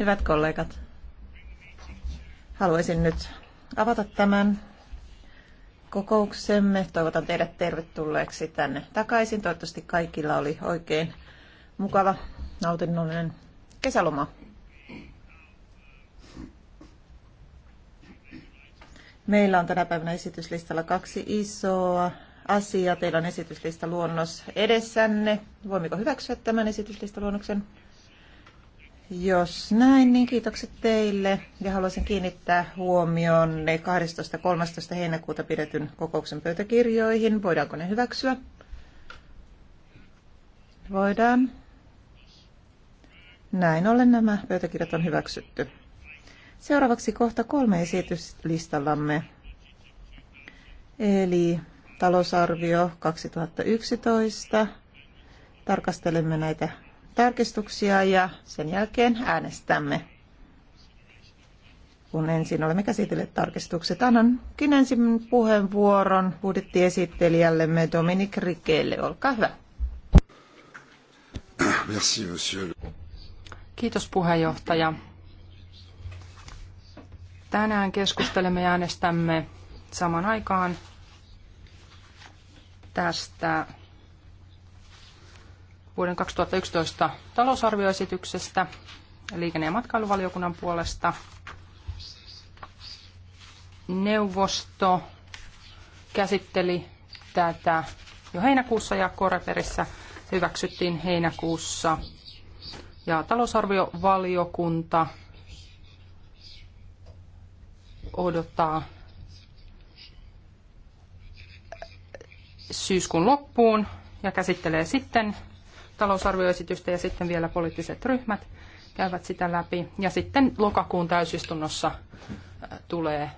Hyvät kollegat, haluaisin nyt avata tämän kokouksemme. Toivotan teidät tervetulleeksi tänne takaisin. Toivottavasti kaikilla oli oikein mukava, nautinnollinen kesäloma. Meillä on tänä päivänä esityslistalla kaksi isoa asiaa. Teillä on esityslista luonnos edessänne. Voimmeko hyväksyä tämän esityslistaluonnoksen? luonnoksen? Jos näin, niin kiitokset teille ja haluaisin kiinnittää huomioon ne 12.13. heinäkuuta pidetyn kokouksen pöytäkirjoihin. Voidaanko ne hyväksyä? Voidaan. Näin ollen nämä pöytäkirjat on hyväksytty. Seuraavaksi kohta kolme esityslistallamme. Eli talousarvio 2011. Tarkastelemme näitä tarkistuksia ja sen jälkeen äänestämme. Kun ensin olemme käsitelleet tarkistukset, annankin ensin puheenvuoron budjettiesittelijällemme Dominic Rikeelle. Olkaa hyvä. Merci, monsieur. Kiitos puheenjohtaja. Tänään keskustelemme ja äänestämme saman aikaan tästä vuoden 2011 talousarvioesityksestä liikenne- ja matkailuvaliokunnan puolesta. Neuvosto käsitteli tätä jo heinäkuussa ja Koreperissä hyväksyttiin heinäkuussa. Ja talousarviovaliokunta odottaa syyskuun loppuun ja käsittelee sitten talousarvioesitystä ja sitten vielä poliittiset ryhmät käyvät sitä läpi. Ja sitten lokakuun täysistunnossa äh, tulee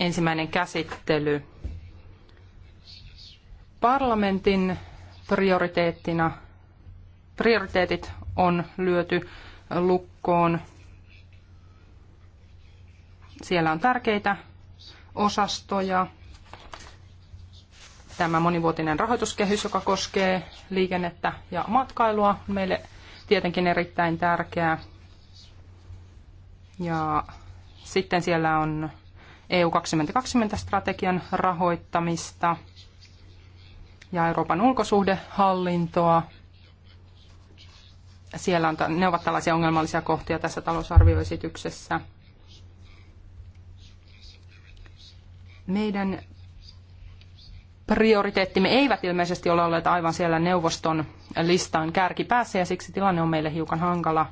ensimmäinen käsittely. Parlamentin prioriteettina, prioriteetit on lyöty lukkoon. Siellä on tärkeitä osastoja, tämä monivuotinen rahoituskehys, joka koskee liikennettä ja matkailua, on meille tietenkin erittäin tärkeää. Ja sitten siellä on EU 2020-strategian rahoittamista ja Euroopan ulkosuhdehallintoa. Siellä on, ne ovat tällaisia ongelmallisia kohtia tässä talousarvioesityksessä. Meidän prioriteettimme eivät ilmeisesti ole olleet aivan siellä neuvoston listan kärkipäässä ja siksi tilanne on meille hiukan hankala.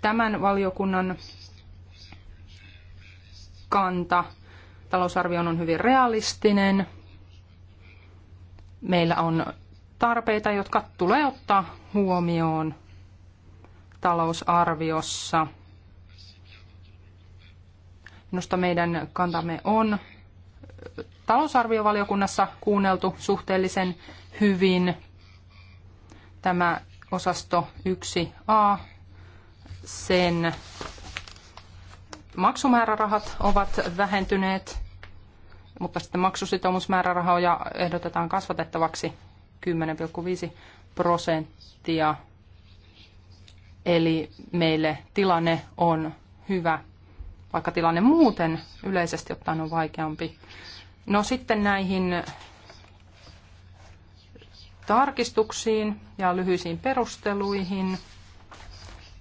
Tämän valiokunnan kanta talousarvioon on hyvin realistinen. Meillä on tarpeita, jotka tulee ottaa huomioon talousarviossa – Minusta meidän kantamme on talousarviovaliokunnassa kuunneltu suhteellisen hyvin. Tämä osasto 1a, sen maksumäärärahat ovat vähentyneet, mutta sitten maksusitoumusmäärärahoja ehdotetaan kasvatettavaksi 10,5 prosenttia. Eli meille tilanne on hyvä vaikka tilanne muuten yleisesti ottaen on vaikeampi. No sitten näihin tarkistuksiin ja lyhyisiin perusteluihin.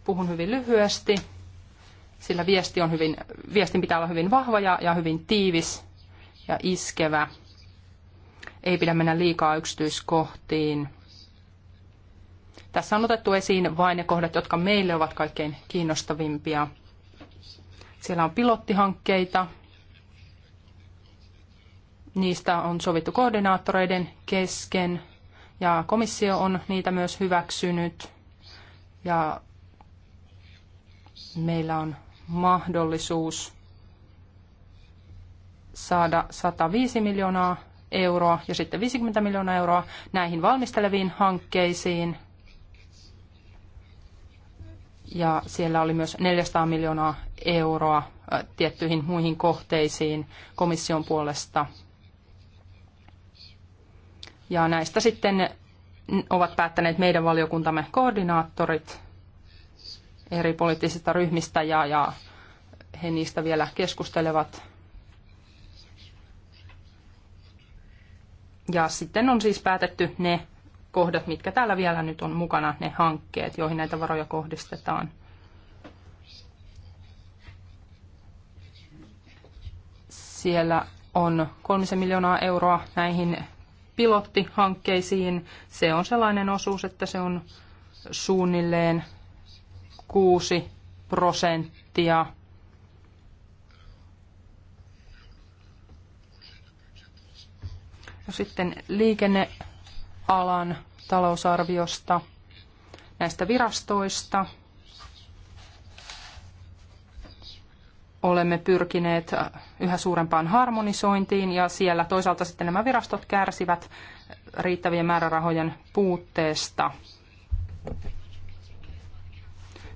Puhun hyvin lyhyesti, sillä viesti on hyvin, viestin pitää olla hyvin vahva ja, ja hyvin tiivis ja iskevä. Ei pidä mennä liikaa yksityiskohtiin. Tässä on otettu esiin vain ne kohdat, jotka meille ovat kaikkein kiinnostavimpia – siellä on pilottihankkeita. Niistä on sovittu koordinaattoreiden kesken ja komissio on niitä myös hyväksynyt. Ja meillä on mahdollisuus saada 105 miljoonaa euroa ja sitten 50 miljoonaa euroa näihin valmisteleviin hankkeisiin. Ja siellä oli myös 400 miljoonaa euroa tiettyihin muihin kohteisiin komission puolesta. Ja näistä sitten ovat päättäneet meidän valiokuntamme koordinaattorit eri poliittisista ryhmistä ja, ja he niistä vielä keskustelevat. Ja sitten on siis päätetty ne kohdat, mitkä täällä vielä nyt on mukana, ne hankkeet, joihin näitä varoja kohdistetaan. Siellä on kolmisen miljoonaa euroa näihin pilottihankkeisiin. Se on sellainen osuus, että se on suunnilleen 6 prosenttia No sitten liikennealan talousarviosta, näistä virastoista – olemme pyrkineet yhä suurempaan harmonisointiin ja siellä toisaalta sitten nämä virastot kärsivät riittävien määrärahojen puutteesta.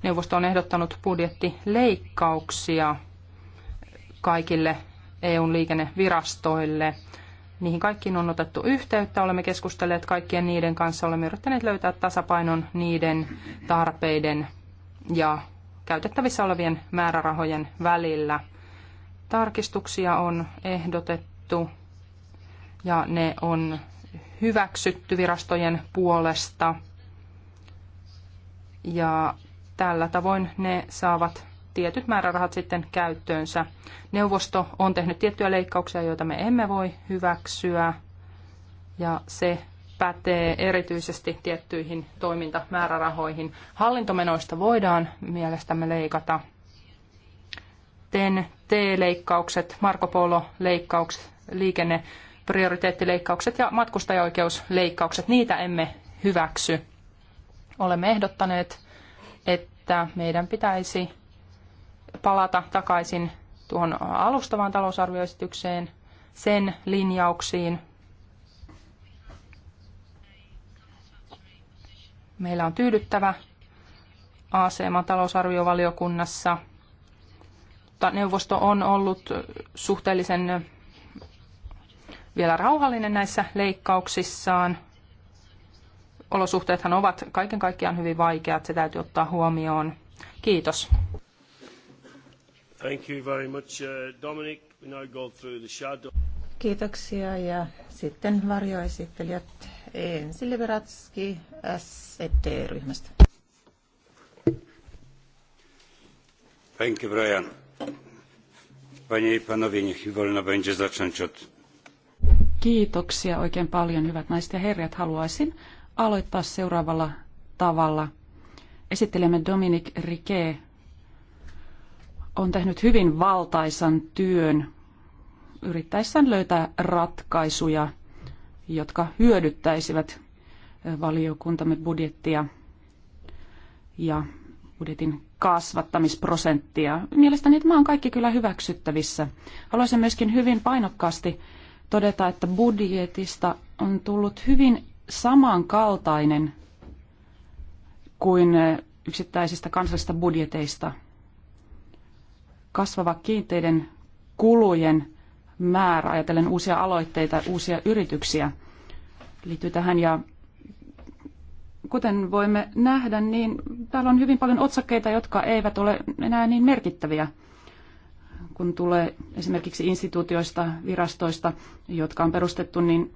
Neuvosto on ehdottanut budjettileikkauksia kaikille EUn liikennevirastoille. Niihin kaikkiin on otettu yhteyttä, olemme keskustelleet kaikkien niiden kanssa, olemme yrittäneet löytää tasapainon niiden tarpeiden ja käytettävissä olevien määrärahojen välillä. Tarkistuksia on ehdotettu ja ne on hyväksytty virastojen puolesta. Ja tällä tavoin ne saavat tietyt määrärahat sitten käyttöönsä. Neuvosto on tehnyt tiettyjä leikkauksia, joita me emme voi hyväksyä, ja se pätee erityisesti tiettyihin toimintamäärärahoihin. Hallintomenoista voidaan mielestämme leikata. TEN T-leikkaukset, Marko Polo-leikkaukset, liikenneprioriteettileikkaukset ja matkustajaoikeusleikkaukset, niitä emme hyväksy. Olemme ehdottaneet, että meidän pitäisi palata takaisin tuohon alustavaan talousarvioesitykseen, sen linjauksiin, Meillä on tyydyttävä asema talousarviovaliokunnassa, mutta neuvosto on ollut suhteellisen vielä rauhallinen näissä leikkauksissaan. Olosuhteethan ovat kaiken kaikkiaan hyvin vaikeat, se täytyy ottaa huomioon. Kiitos. Thank you very much, uh, Dominic. We now go through the shadow. Kiitoksia ja sitten varjoesittelijät Ensi Liberatski SED-ryhmästä. Thank you, Brian. Panie i panowie, niech wolno będzie zacząć od... Kiitoksia oikein paljon, hyvät naiset ja herrat. Haluaisin aloittaa seuraavalla tavalla. Esittelemme Dominic Riquet on tehnyt hyvin valtaisan työn yrittäessään löytää ratkaisuja jotka hyödyttäisivät valiokuntamme budjettia ja budjetin kasvattamisprosenttia. Mielestäni tämä on kaikki kyllä hyväksyttävissä. Haluaisin myöskin hyvin painokkaasti todeta, että budjetista on tullut hyvin samankaltainen kuin yksittäisistä kansallisista budjeteista. Kasvava kiinteiden kulujen määrä, ajatellen uusia aloitteita, uusia yrityksiä, liittyy tähän ja kuten voimme nähdä, niin täällä on hyvin paljon otsakkeita, jotka eivät ole enää niin merkittäviä, kun tulee esimerkiksi instituutioista, virastoista, jotka on perustettu, niin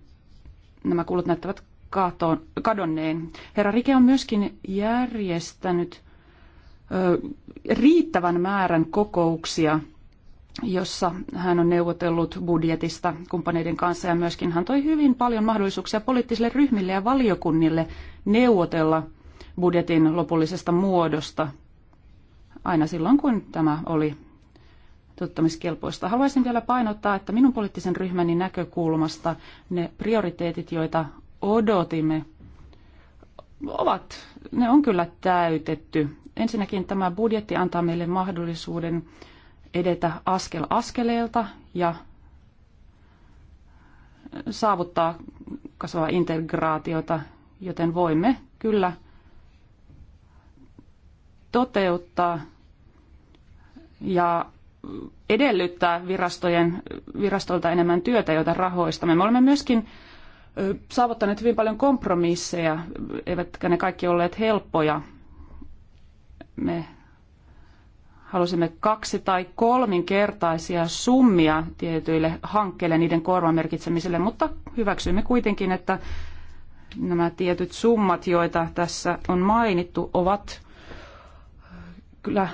nämä kulut näyttävät kaatoon, kadonneen. Herra Rike on myöskin järjestänyt ö, riittävän määrän kokouksia – jossa hän on neuvotellut budjetista kumppaneiden kanssa ja myöskin hän toi hyvin paljon mahdollisuuksia poliittisille ryhmille ja valiokunnille neuvotella budjetin lopullisesta muodosta aina silloin, kun tämä oli tuttamiskelpoista. Haluaisin vielä painottaa, että minun poliittisen ryhmäni näkökulmasta ne prioriteetit, joita odotimme, ovat, ne on kyllä täytetty. Ensinnäkin tämä budjetti antaa meille mahdollisuuden edetä askel askeleelta ja saavuttaa kasvavaa integraatiota, joten voimme kyllä toteuttaa ja edellyttää virastojen, virastolta enemmän työtä, jota rahoistamme. Me olemme myöskin saavuttaneet hyvin paljon kompromisseja, eivätkä ne kaikki olleet helppoja. Me halusimme kaksi- tai kolminkertaisia summia tietyille hankkeille niiden korvamerkitsemiselle, mutta hyväksyimme kuitenkin, että nämä tietyt summat, joita tässä on mainittu, ovat kyllä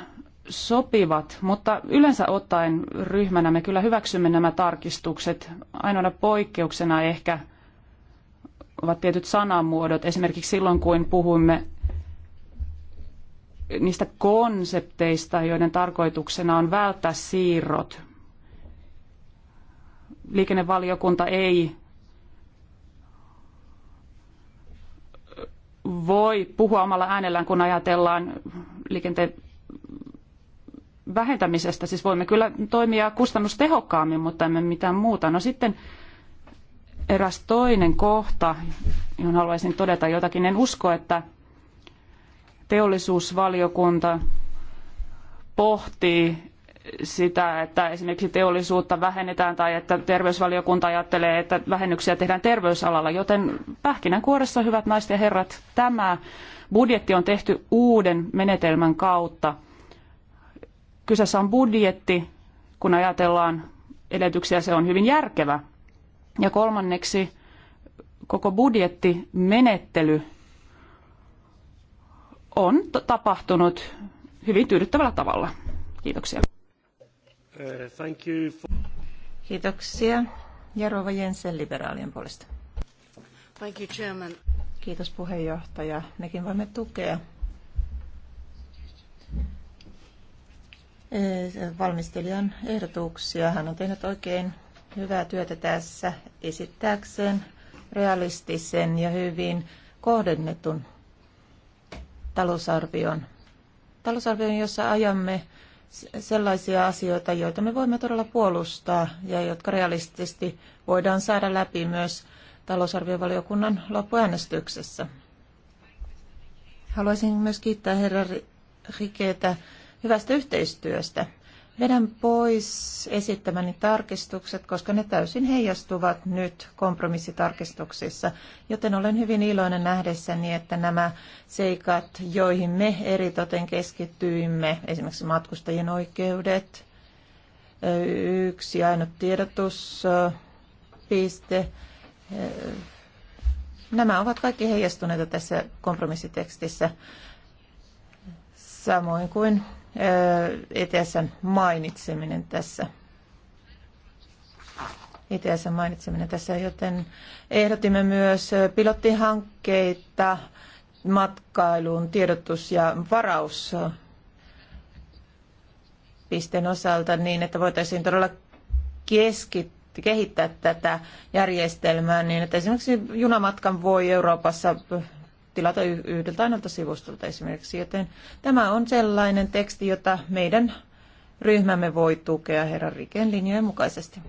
sopivat, mutta yleensä ottaen ryhmänä me kyllä hyväksymme nämä tarkistukset. Ainoana poikkeuksena ehkä ovat tietyt sanamuodot. Esimerkiksi silloin, kun puhuimme niistä konsepteista, joiden tarkoituksena on välttää siirrot. Liikennevaliokunta ei voi puhua omalla äänellään, kun ajatellaan liikenteen vähentämisestä. Siis voimme kyllä toimia kustannustehokkaammin, mutta emme mitään muuta. No sitten eräs toinen kohta, johon haluaisin todeta jotakin. En usko, että teollisuusvaliokunta pohtii sitä, että esimerkiksi teollisuutta vähennetään tai että terveysvaliokunta ajattelee, että vähennyksiä tehdään terveysalalla. Joten pähkinänkuoressa, hyvät naiset ja herrat, tämä budjetti on tehty uuden menetelmän kautta. Kyseessä on budjetti, kun ajatellaan edellytyksiä, se on hyvin järkevä. Ja kolmanneksi koko budjettimenettely on tapahtunut hyvin tyydyttävällä tavalla. Kiitoksia. Eh, thank you for... Kiitoksia. Jarova Jensen liberaalien puolesta. Thank you, Chairman. Kiitos puheenjohtaja. Mekin voimme tukea eh, valmistelijan ehdotuksia. Hän on tehnyt oikein hyvää työtä tässä esittääkseen realistisen ja hyvin kohdennetun talousarvion. Talousarvion, jossa ajamme sellaisia asioita, joita me voimme todella puolustaa ja jotka realistisesti voidaan saada läpi myös talousarviovaliokunnan loppuäänestyksessä. Haluaisin myös kiittää herra Riketä hyvästä yhteistyöstä. Vedän pois esittämäni tarkistukset, koska ne täysin heijastuvat nyt kompromissitarkistuksissa, joten olen hyvin iloinen nähdessäni, että nämä seikat, joihin me eritoten keskittyimme, esimerkiksi matkustajien oikeudet, yksi ainut tiedotuspiste, nämä ovat kaikki heijastuneita tässä kompromissitekstissä, samoin kuin ETSn mainitseminen tässä. ETSn mainitseminen tässä, joten ehdotimme myös pilottihankkeita matkailun tiedotus- ja varaus pisteen osalta niin, että voitaisiin todella keskittyä kehittää tätä järjestelmää niin, että esimerkiksi junamatkan voi Euroopassa tilata yhdeltä ainoalta sivustolta esimerkiksi. Joten tämä on sellainen teksti, jota meidän ryhmämme voi tukea herran Riken linjojen mukaisesti.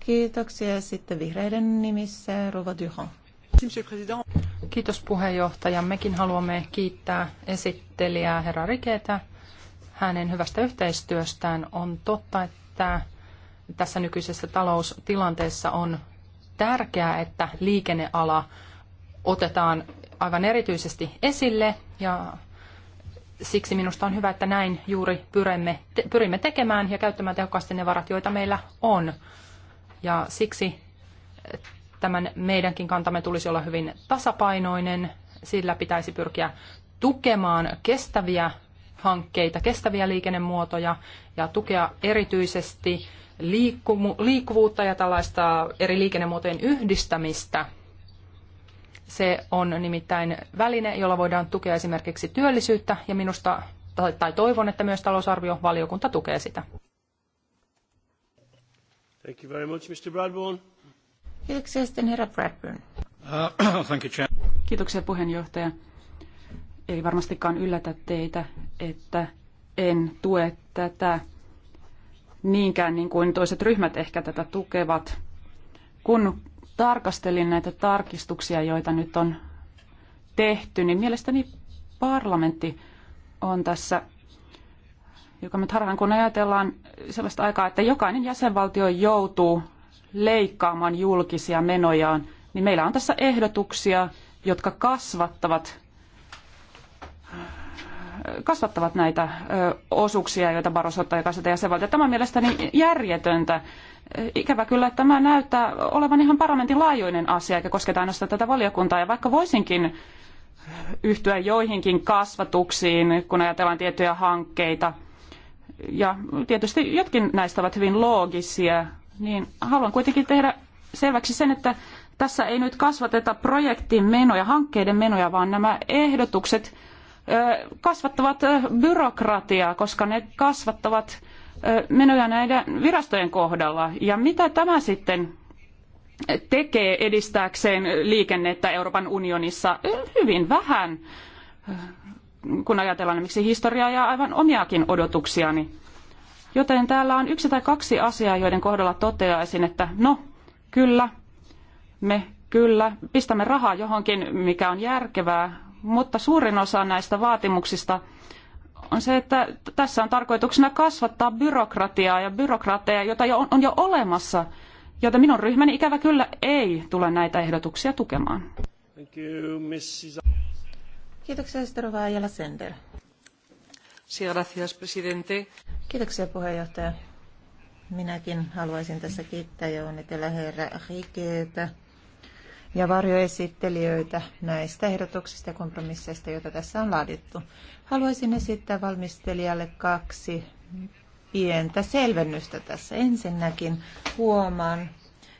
Kiitoksia. Sitten vihreiden nimissä Rova Duhon. Kiitos puheenjohtaja. Mekin haluamme kiittää esittelijää herra Riketä hänen hyvästä yhteistyöstään. On totta, että tässä nykyisessä taloustilanteessa on tärkeää, että liikenneala otetaan aivan erityisesti esille ja siksi minusta on hyvä, että näin juuri pyrimme, te, pyrimme tekemään ja käyttämään tehokkaasti ne varat, joita meillä on. Ja siksi eh, tämän meidänkin kantamme tulisi olla hyvin tasapainoinen, sillä pitäisi pyrkiä tukemaan kestäviä hankkeita, kestäviä liikennemuotoja ja tukea erityisesti liikkuvuutta ja tällaista eri liikennemuotojen yhdistämistä – se on nimittäin väline, jolla voidaan tukea esimerkiksi työllisyyttä ja minusta tai toivon, että myös talousarvio valiokunta tukee sitä. Thank you very much, Mr. Bradburn. Kiitoksia sitten herra Bradburn. Uh, thank you, Chair. Kiitoksia puheenjohtaja. Ei varmastikaan yllätä teitä, että en tue tätä niinkään niin kuin toiset ryhmät ehkä tätä tukevat. Kun tarkastelin näitä tarkistuksia, joita nyt on tehty, niin mielestäni parlamentti on tässä joka nyt harhaan, kun ajatellaan sellaista aikaa, että jokainen jäsenvaltio joutuu leikkaamaan julkisia menojaan, niin meillä on tässä ehdotuksia, jotka kasvattavat kasvattavat näitä osuuksia, joita Barros ottaa jokaisesta jäsenvaltiolta. Tämä on mielestäni järjetöntä. Ikävä kyllä tämä näyttää olevan ihan parlamentin laajuinen asia, eikä kosketa ainoastaan tätä valiokuntaa. Ja vaikka voisinkin yhtyä joihinkin kasvatuksiin, kun ajatellaan tiettyjä hankkeita, ja tietysti jotkin näistä ovat hyvin loogisia, niin haluan kuitenkin tehdä selväksi sen, että tässä ei nyt kasvateta projektin menoja, hankkeiden menoja, vaan nämä ehdotukset kasvattavat byrokratiaa, koska ne kasvattavat menoja näiden virastojen kohdalla. Ja mitä tämä sitten tekee edistääkseen liikennettä Euroopan unionissa? Hyvin vähän, kun ajatellaan miksi historiaa ja aivan omiakin odotuksiani. Joten täällä on yksi tai kaksi asiaa, joiden kohdalla toteaisin, että no, kyllä, me kyllä pistämme rahaa johonkin, mikä on järkevää, mutta suurin osa näistä vaatimuksista on se, että tässä on tarkoituksena kasvattaa byrokratiaa ja byrokraatteja, jota on jo olemassa, joten minun ryhmäni ikävä kyllä ei tule näitä ehdotuksia tukemaan. Thank you, Mrs. Kiitoksia, Esterova Ajala Sender. Sí, gracias, presidente. Kiitoksia, puheenjohtaja. Minäkin haluaisin tässä kiittää ja onnitella herra Rikeetä ja varjoesittelijöitä näistä ehdotuksista ja kompromisseista, joita tässä on laadittu. Haluaisin esittää valmistelijalle kaksi pientä selvennystä tässä. Ensinnäkin huomaan,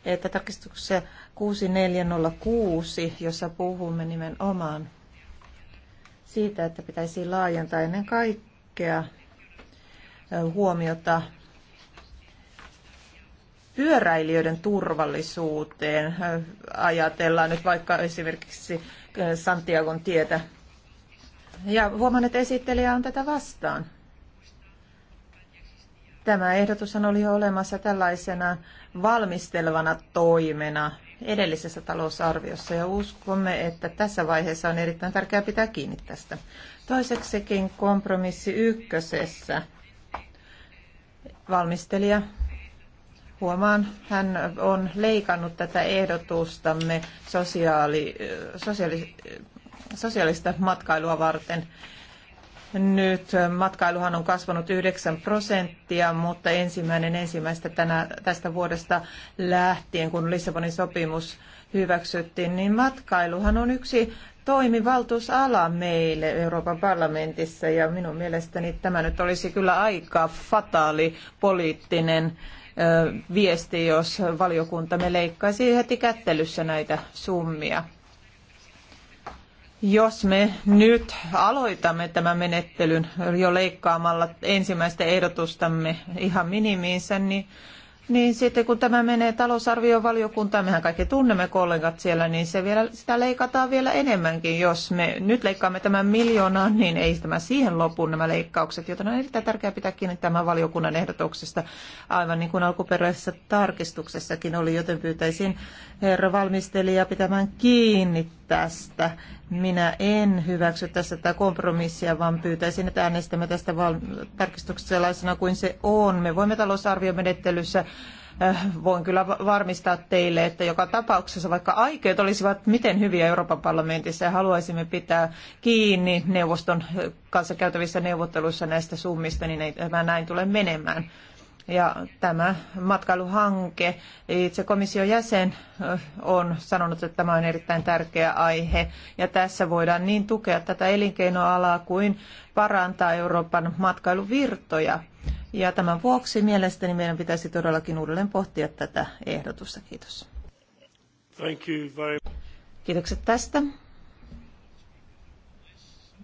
että tarkistuksessa 6406, jossa puhumme nimenomaan siitä, että pitäisi laajentaa ennen kaikkea huomiota pyöräilijöiden turvallisuuteen. Ajatellaan nyt vaikka esimerkiksi Santiagon tietä. Ja huomaan, että esittelijä on tätä vastaan. Tämä ehdotus oli jo olemassa tällaisena valmistelevana toimena edellisessä talousarviossa ja uskomme, että tässä vaiheessa on erittäin tärkeää pitää kiinni tästä. Toiseksikin kompromissi ykkösessä valmistelija Huomaan, hän on leikannut tätä ehdotustamme sosiaali, sosiaali, sosiaalista matkailua varten. Nyt matkailuhan on kasvanut 9 prosenttia, mutta ensimmäinen ensimmäistä tänä, tästä vuodesta lähtien, kun Lissabonin sopimus hyväksyttiin, niin matkailuhan on yksi toimivaltuusala meille Euroopan parlamentissa ja minun mielestäni tämä nyt olisi kyllä aika fataali poliittinen viesti, jos valiokunta me leikkaisi heti kättelyssä näitä summia. Jos me nyt aloitamme tämän menettelyn jo leikkaamalla ensimmäistä ehdotustamme ihan minimiinsä, niin niin sitten kun tämä menee talousarviovaliokuntaan, mehän kaikki tunnemme kollegat siellä, niin se vielä, sitä leikataan vielä enemmänkin. Jos me nyt leikkaamme tämän miljoonaan, niin ei tämä siihen lopu nämä leikkaukset, joten on erittäin tärkeää pitää kiinni tämän valiokunnan ehdotuksesta, aivan niin kuin alkuperäisessä tarkistuksessakin oli, joten pyytäisin herra valmistelija pitämään kiinni tästä minä en hyväksy tässä tätä kompromissia, vaan pyytäisin, että äänestämme tästä tarkistuksesta sellaisena kuin se on. Me voimme talousarviomenettelyssä äh, voin kyllä varmistaa teille, että joka tapauksessa, vaikka aikeet olisivat miten hyviä Euroopan parlamentissa ja haluaisimme pitää kiinni neuvoston äh, kanssa käytävissä neuvotteluissa näistä summista, niin ei tämä näin tule menemään. Ja tämä matkailuhanke, itse komission jäsen on sanonut, että tämä on erittäin tärkeä aihe. Ja tässä voidaan niin tukea tätä elinkeinoalaa kuin parantaa Euroopan matkailuvirtoja. Ja tämän vuoksi mielestäni meidän pitäisi todellakin uudelleen pohtia tätä ehdotusta. Kiitos. Thank you very... Kiitokset tästä.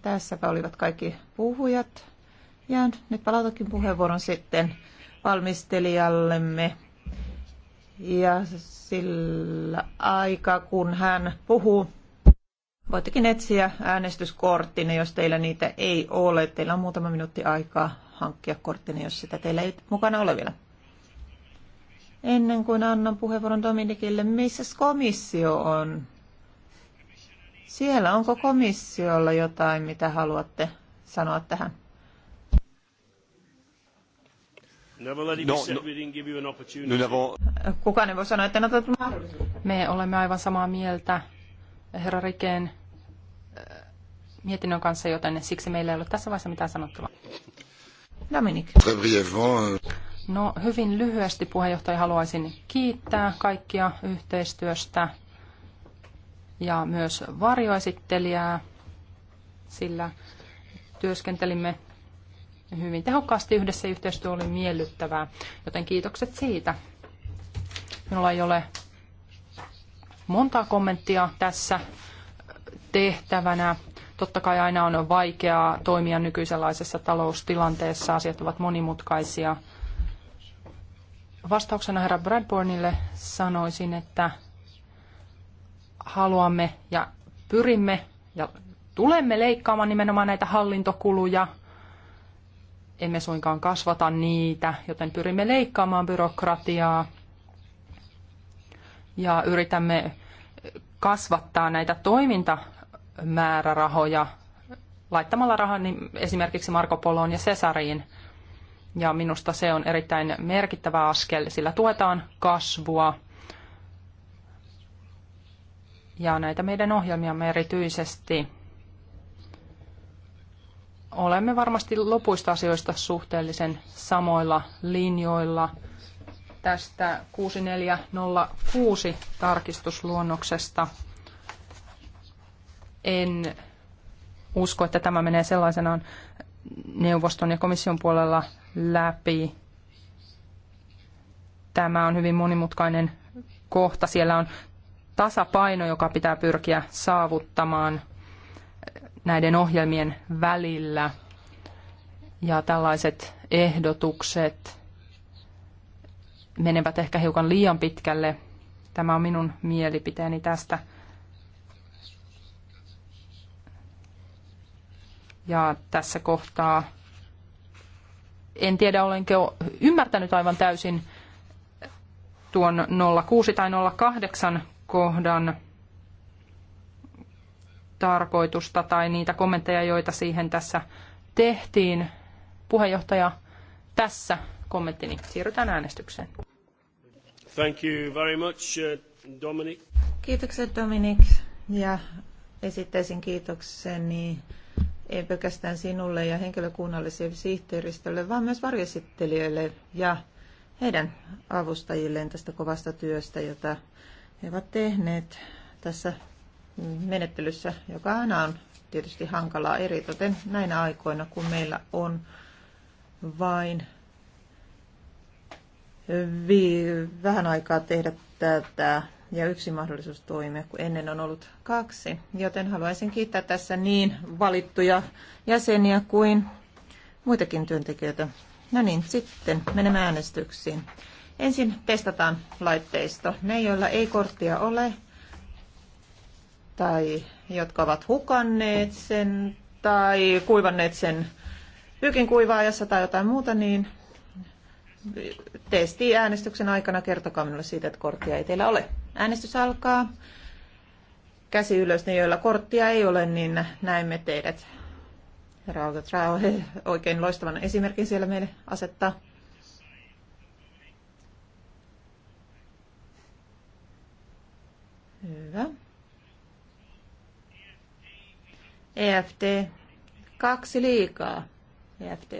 Tässäpä olivat kaikki puhujat. Ja nyt palautankin puheenvuoron sitten valmistelijallemme. Ja sillä aikaa, kun hän puhuu, voittekin etsiä äänestyskorttinne, jos teillä niitä ei ole. Teillä on muutama minuutti aikaa hankkia korttinne, jos sitä teillä ei mukana ole vielä. Ennen kuin annan puheenvuoron Dominikille, missä komissio on? Siellä onko komissiolla jotain, mitä haluatte sanoa tähän? No, no, Kukaan ei voi sanoa, että no, en Me olemme aivan samaa mieltä herra Rikeen äh, mietinnön kanssa, joten siksi meillä ei ole tässä vaiheessa mitään sanottavaa. Dominik. Euh, no hyvin lyhyesti puheenjohtaja haluaisin kiittää kaikkia yhteistyöstä ja myös varjoesittelijää, sillä työskentelimme hyvin tehokkaasti yhdessä. Yhteistyö oli miellyttävää, joten kiitokset siitä. Minulla ei ole montaa kommenttia tässä tehtävänä. Totta kai aina on vaikeaa toimia nykyisenlaisessa taloustilanteessa, asiat ovat monimutkaisia. Vastauksena herra Bradbornille sanoisin, että haluamme ja pyrimme ja tulemme leikkaamaan nimenomaan näitä hallintokuluja – emme suinkaan kasvata niitä, joten pyrimme leikkaamaan byrokratiaa ja yritämme kasvattaa näitä toimintamäärärahoja laittamalla rahan niin esimerkiksi Marko Poloon ja Cesariin. Ja minusta se on erittäin merkittävä askel, sillä tuetaan kasvua ja näitä meidän ohjelmiamme erityisesti – olemme varmasti lopuista asioista suhteellisen samoilla linjoilla tästä 6406 tarkistusluonnoksesta. En usko, että tämä menee sellaisenaan neuvoston ja komission puolella läpi. Tämä on hyvin monimutkainen kohta. Siellä on tasapaino, joka pitää pyrkiä saavuttamaan – näiden ohjelmien välillä. Ja tällaiset ehdotukset menevät ehkä hiukan liian pitkälle. Tämä on minun mielipiteeni tästä. Ja tässä kohtaa en tiedä, olenko ymmärtänyt aivan täysin tuon 06 tai 08 kohdan tarkoitusta tai niitä kommentteja, joita siihen tässä tehtiin. Puheenjohtaja, tässä kommenttini. Siirrytään äänestykseen. Thank you very much, uh, Dominic. Kiitokset Dominic ja esittäisin kiitokseni ei pelkästään sinulle ja henkilökunnalliselle sihteeristölle, vaan myös varjesittelijöille ja heidän avustajilleen tästä kovasta työstä, jota he ovat tehneet tässä menettelyssä, joka aina on tietysti hankalaa eritoten näinä aikoina, kun meillä on vain vähän aikaa tehdä tätä ja yksi mahdollisuus toimia, kun ennen on ollut kaksi. Joten haluaisin kiittää tässä niin valittuja jäseniä kuin muitakin työntekijöitä. No niin, sitten menemme äänestyksiin. Ensin testataan laitteisto. Ne, joilla ei korttia ole, tai jotka ovat hukanneet sen tai kuivanneet sen pyykin kuivaajassa tai jotain muuta, niin testi äänestyksen aikana kertokaa minulle siitä, että korttia ei teillä ole. Äänestys alkaa. Käsi ylös, ne joilla korttia ei ole, niin näemme teidät. Rauta Trao oikein loistavan esimerkin siellä meille asettaa. Hyvä. EFT, kaksi liikaa, EFT.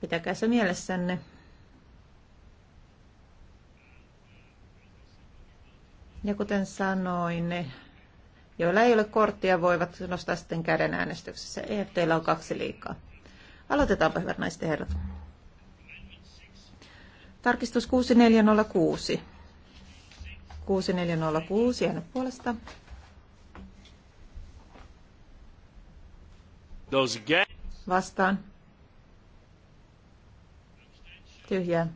Pitäkää se mielessänne. Ja kuten sanoin, ne, joilla ei ole korttia, voivat nostaa sitten käden äänestyksessä. EFTllä on kaksi liikaa. Aloitetaanpa, hyvät naiset ja herrat. Tarkistus 6406. 6406, äänet puolesta. Vastaan. Tyhjää.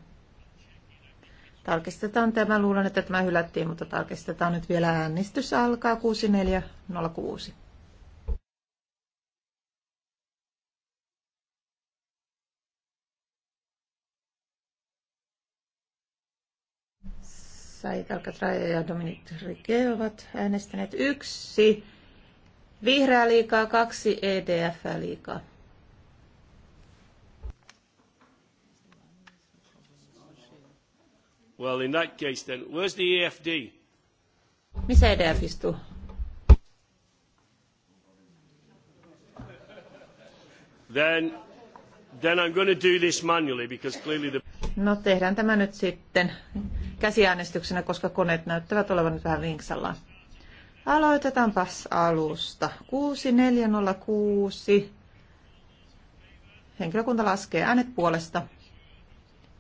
Tarkistetaan tämä. Luulen, että tämä hylättiin, mutta tarkistetaan nyt vielä. Äänestys alkaa 6406. Said Alcatraz ja Dominic Rike ovat äänestäneet yksi. Vihreä liikaa, kaksi EDF liikaa. Well, in that case then, where's the EFD? Missä EDF istuu? Then, then I'm going to do this manually because clearly the... No tehdään tämä nyt sitten käsiäänestyksenä, koska koneet näyttävät olevan nyt vähän vinksallaan. Aloitetaanpas alusta. 6406. Henkilökunta laskee äänet puolesta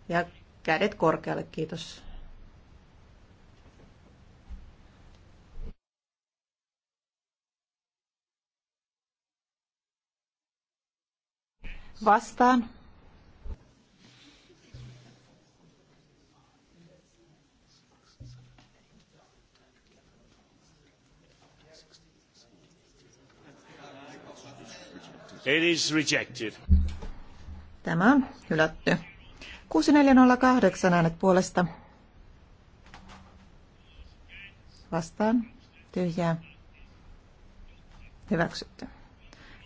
ja kädet korkealle, kiitos. Vastaan. It is rejected. Tämä on hylätty. 6408 äänet puolesta. Vastaan. Tyhjää. Hyväksytty.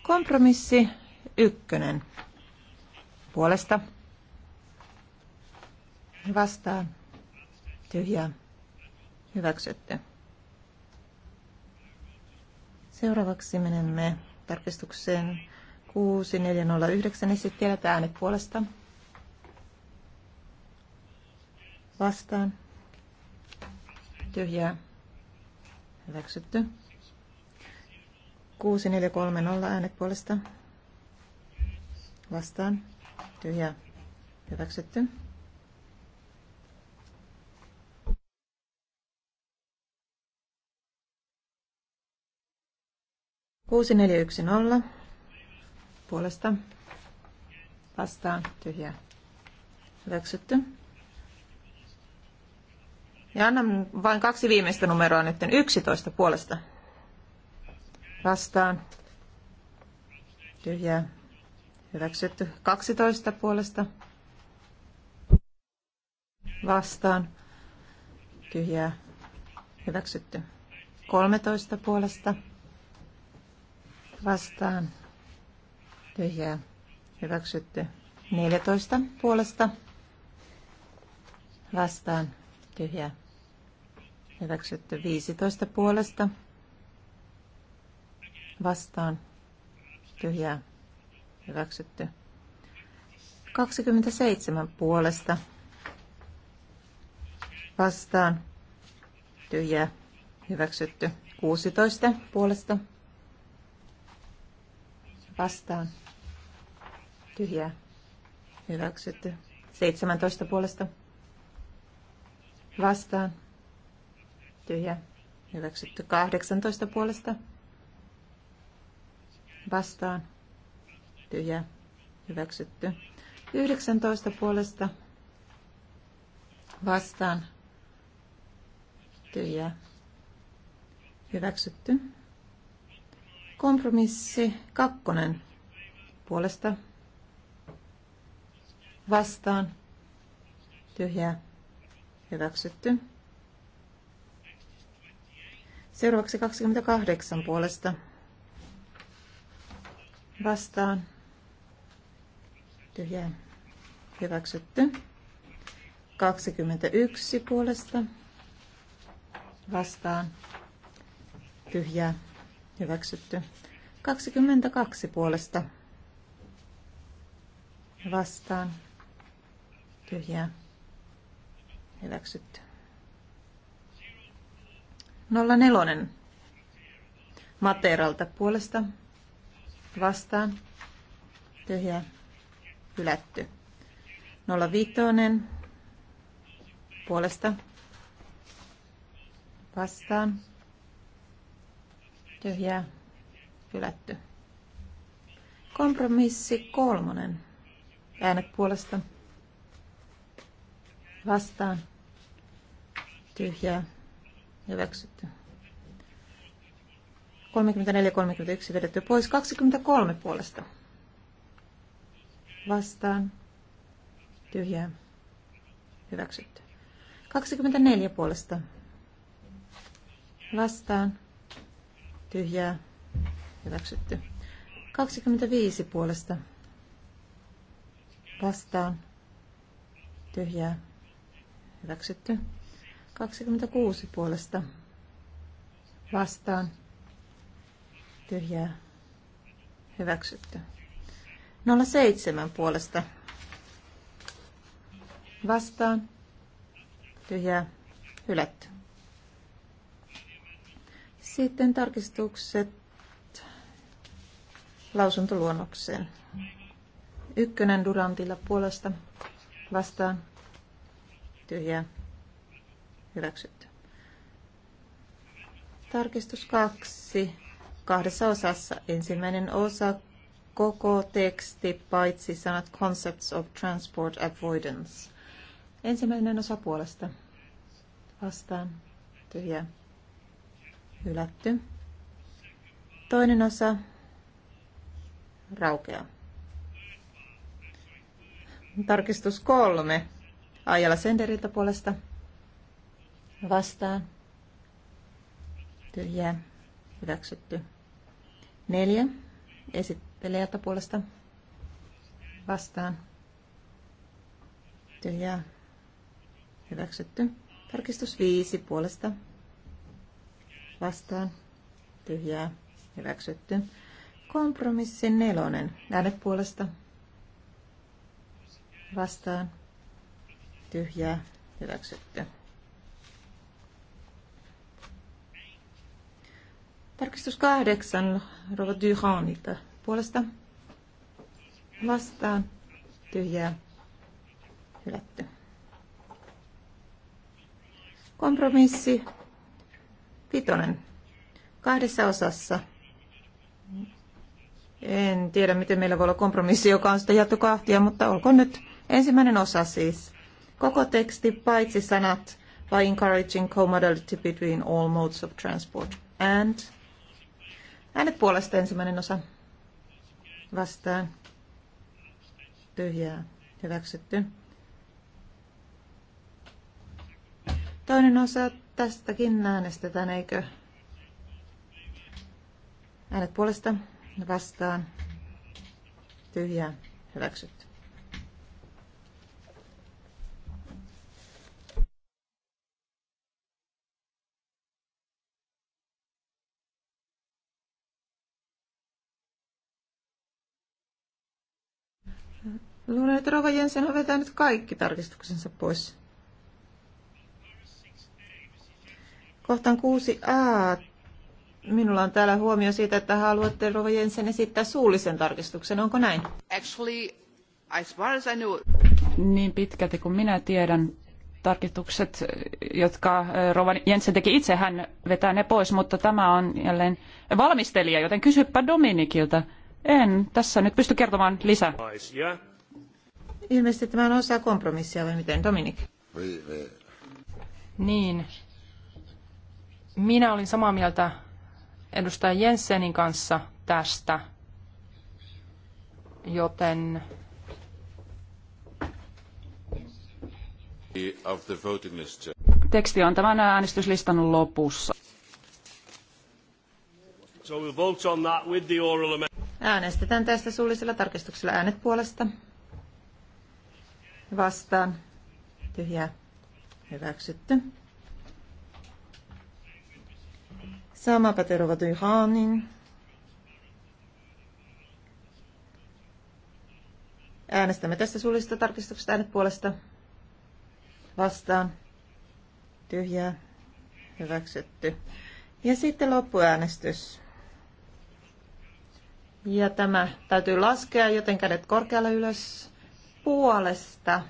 Kompromissi ykkönen. Puolesta. Vastaan. Tyhjää. Hyväksytty. Seuraavaksi menemme tarkistukseen 6409 esittelijät äänet puolesta. Vastaan. Tyhjää. Hyväksytty. 6430 äänet puolesta. Vastaan. Tyhjää. Hyväksytty. Kuusi neljä yksi nolla puolesta vastaan tyhjä hyväksytty. Ja annan vain kaksi viimeistä numeroa nyt 11 puolesta vastaan tyhjä hyväksytty 12 puolesta vastaan tyhjä hyväksytty 13 puolesta vastaan tyhjää hyväksytty. 14 puolesta vastaan tyhjää hyväksytty. 15 puolesta vastaan tyhjää hyväksytty. 27 puolesta vastaan tyhjää hyväksytty. 16 puolesta vastaan tyhjää hyväksytty. 17 puolesta vastaan tyhjää hyväksytty. 18 puolesta vastaan tyhjää hyväksytty. 19 puolesta vastaan tyhjää hyväksytty. Kompromissi kakkonen puolesta vastaan, tyhjää, hyväksytty. Seuraavaksi 28 puolesta vastaan, tyhjää, hyväksytty. 21 puolesta vastaan, tyhjää, hyväksytty. 22 puolesta vastaan, Tyhjää. Hyväksytty. Nolla nelonen. Materalta puolesta. Vastaan. Tyhjää. Hylätty. Nolla viitonen. Puolesta. Vastaan. Tyhjää. Hylätty. Kompromissi kolmonen. Äänet puolesta vastaan tyhjää hyväksytty. 34-31 vedetty pois. 23 puolesta vastaan tyhjää hyväksytty. 24 puolesta vastaan tyhjää hyväksytty. 25 puolesta vastaan tyhjää Hyväksytty. 26 puolesta vastaan. Tyhjää. Hyväksytty. 07 puolesta vastaan. Tyhjää. Hylätty. Sitten tarkistukset lausuntoluonnokseen. Ykkönen Durantilla puolesta vastaan tyhjää hyväksytty. Tarkistus kaksi kahdessa osassa. Ensimmäinen osa koko teksti paitsi sanat Concepts of Transport Avoidance. Ensimmäinen osa puolesta. Vastaan. Tyhjää. Hylätty. Toinen osa raukea Tarkistus kolme Ajala Senderiltä puolesta. Vastaan. Tyhjää. Hyväksytty. Neljä. Esittelijältä puolesta. Vastaan. Tyhjää. Hyväksytty. Tarkistus viisi puolesta. Vastaan. Tyhjää. Hyväksytty. Kompromissi nelonen. Äänet puolesta. Vastaan tyhjää hyväksytty. Tarkistus kahdeksan Rova Duhanilta puolesta vastaan tyhjää hylätty. Kompromissi vitonen kahdessa osassa. En tiedä, miten meillä voi olla kompromissi, joka on sitä jaettu kahtia, mutta olkoon nyt ensimmäinen osa siis Koko teksti paitsi sanat by encouraging co-modality between all modes of transport and. Äänet puolesta ensimmäinen osa. Vastaan. Tyhjää. Hyväksytty. Toinen osa tästäkin äänestetään, eikö? Äänet puolesta vastaan. Tyhjää. Hyväksytty. Luulen, että Rova Jensen on vetänyt kaikki tarkistuksensa pois. Kohtaan 6a. Minulla on täällä huomio siitä, että haluatte Rova Jensen esittää suullisen tarkistuksen. Onko näin? Actually, as far as I knew... Niin pitkälti kuin minä tiedän, tarkistukset, jotka eh, Rova Jensen teki itse, hän vetää ne pois, mutta tämä on jälleen valmistelija, joten kysypä Dominikilta. En tässä nyt pysty kertomaan lisää. Ilmeisesti tämä on osa kompromissia vai miten, Dominik? Niin. Minä olin samaa mieltä edustaja Jensenin kanssa tästä, joten... Teksti on tämän äänestyslistan lopussa. So we'll vote on that with the oral amendment. Äänestetään tästä suullisella tarkistuksella äänet puolesta. Vastaan. Tyhjää. Hyväksytty. Sama pätee Tyhanin. Äänestämme tästä suullisesta tarkistuksesta äänet puolesta. Vastaan. Tyhjää. Hyväksytty. Ja sitten loppuäänestys. Ja tämä täytyy laskea, joten kädet korkealle ylös puolesta.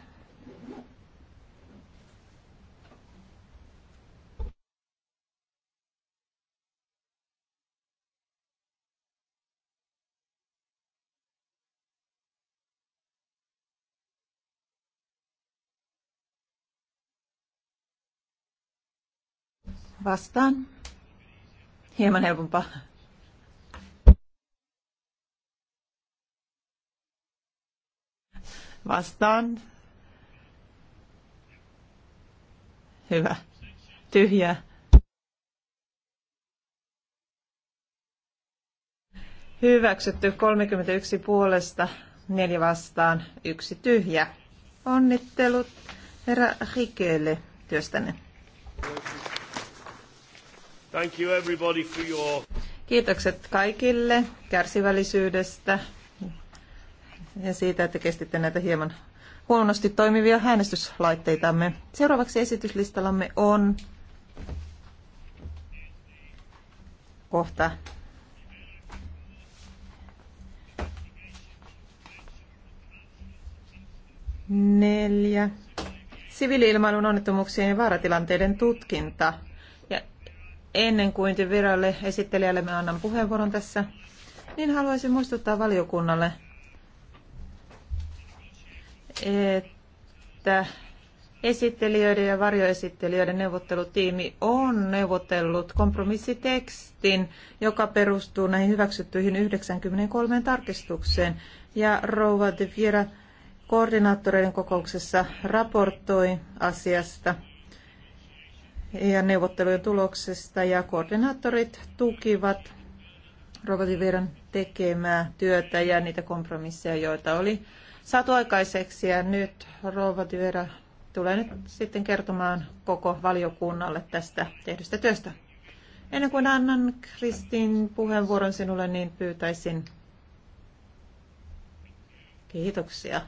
Vastaan. Hieman helpompaa. vastaan. Hyvä. tyhjä Hyväksytty 31 puolesta, 4 vastaan, yksi tyhjä. Onnittelut herra Rikeelle työstänne. Thank you everybody for your... Kiitokset kaikille kärsivällisyydestä ja siitä, että kestitte näitä hieman huonosti toimivia äänestyslaitteitamme. Seuraavaksi esityslistallamme on kohta neljä. Siviiliilmailun onnettomuuksien ja vaaratilanteiden tutkinta. Ja ennen kuin viralle esittelijälle me annan puheenvuoron tässä, niin haluaisin muistuttaa valiokunnalle että esittelijöiden ja varjoesittelijöiden neuvottelutiimi on neuvotellut kompromissitekstin, joka perustuu näihin hyväksyttyihin 93 tarkistukseen. Ja Rouva de Viera koordinaattoreiden kokouksessa raportoi asiasta ja neuvottelujen tuloksesta ja koordinaattorit tukivat Rovativiran tekemää työtä ja niitä kompromisseja, joita oli saatu aikaiseksi ja nyt Rova Tyverä tulee nyt sitten kertomaan koko valiokunnalle tästä tehdystä työstä. Ennen kuin annan Kristin puheenvuoron sinulle, niin pyytäisin kiitoksia.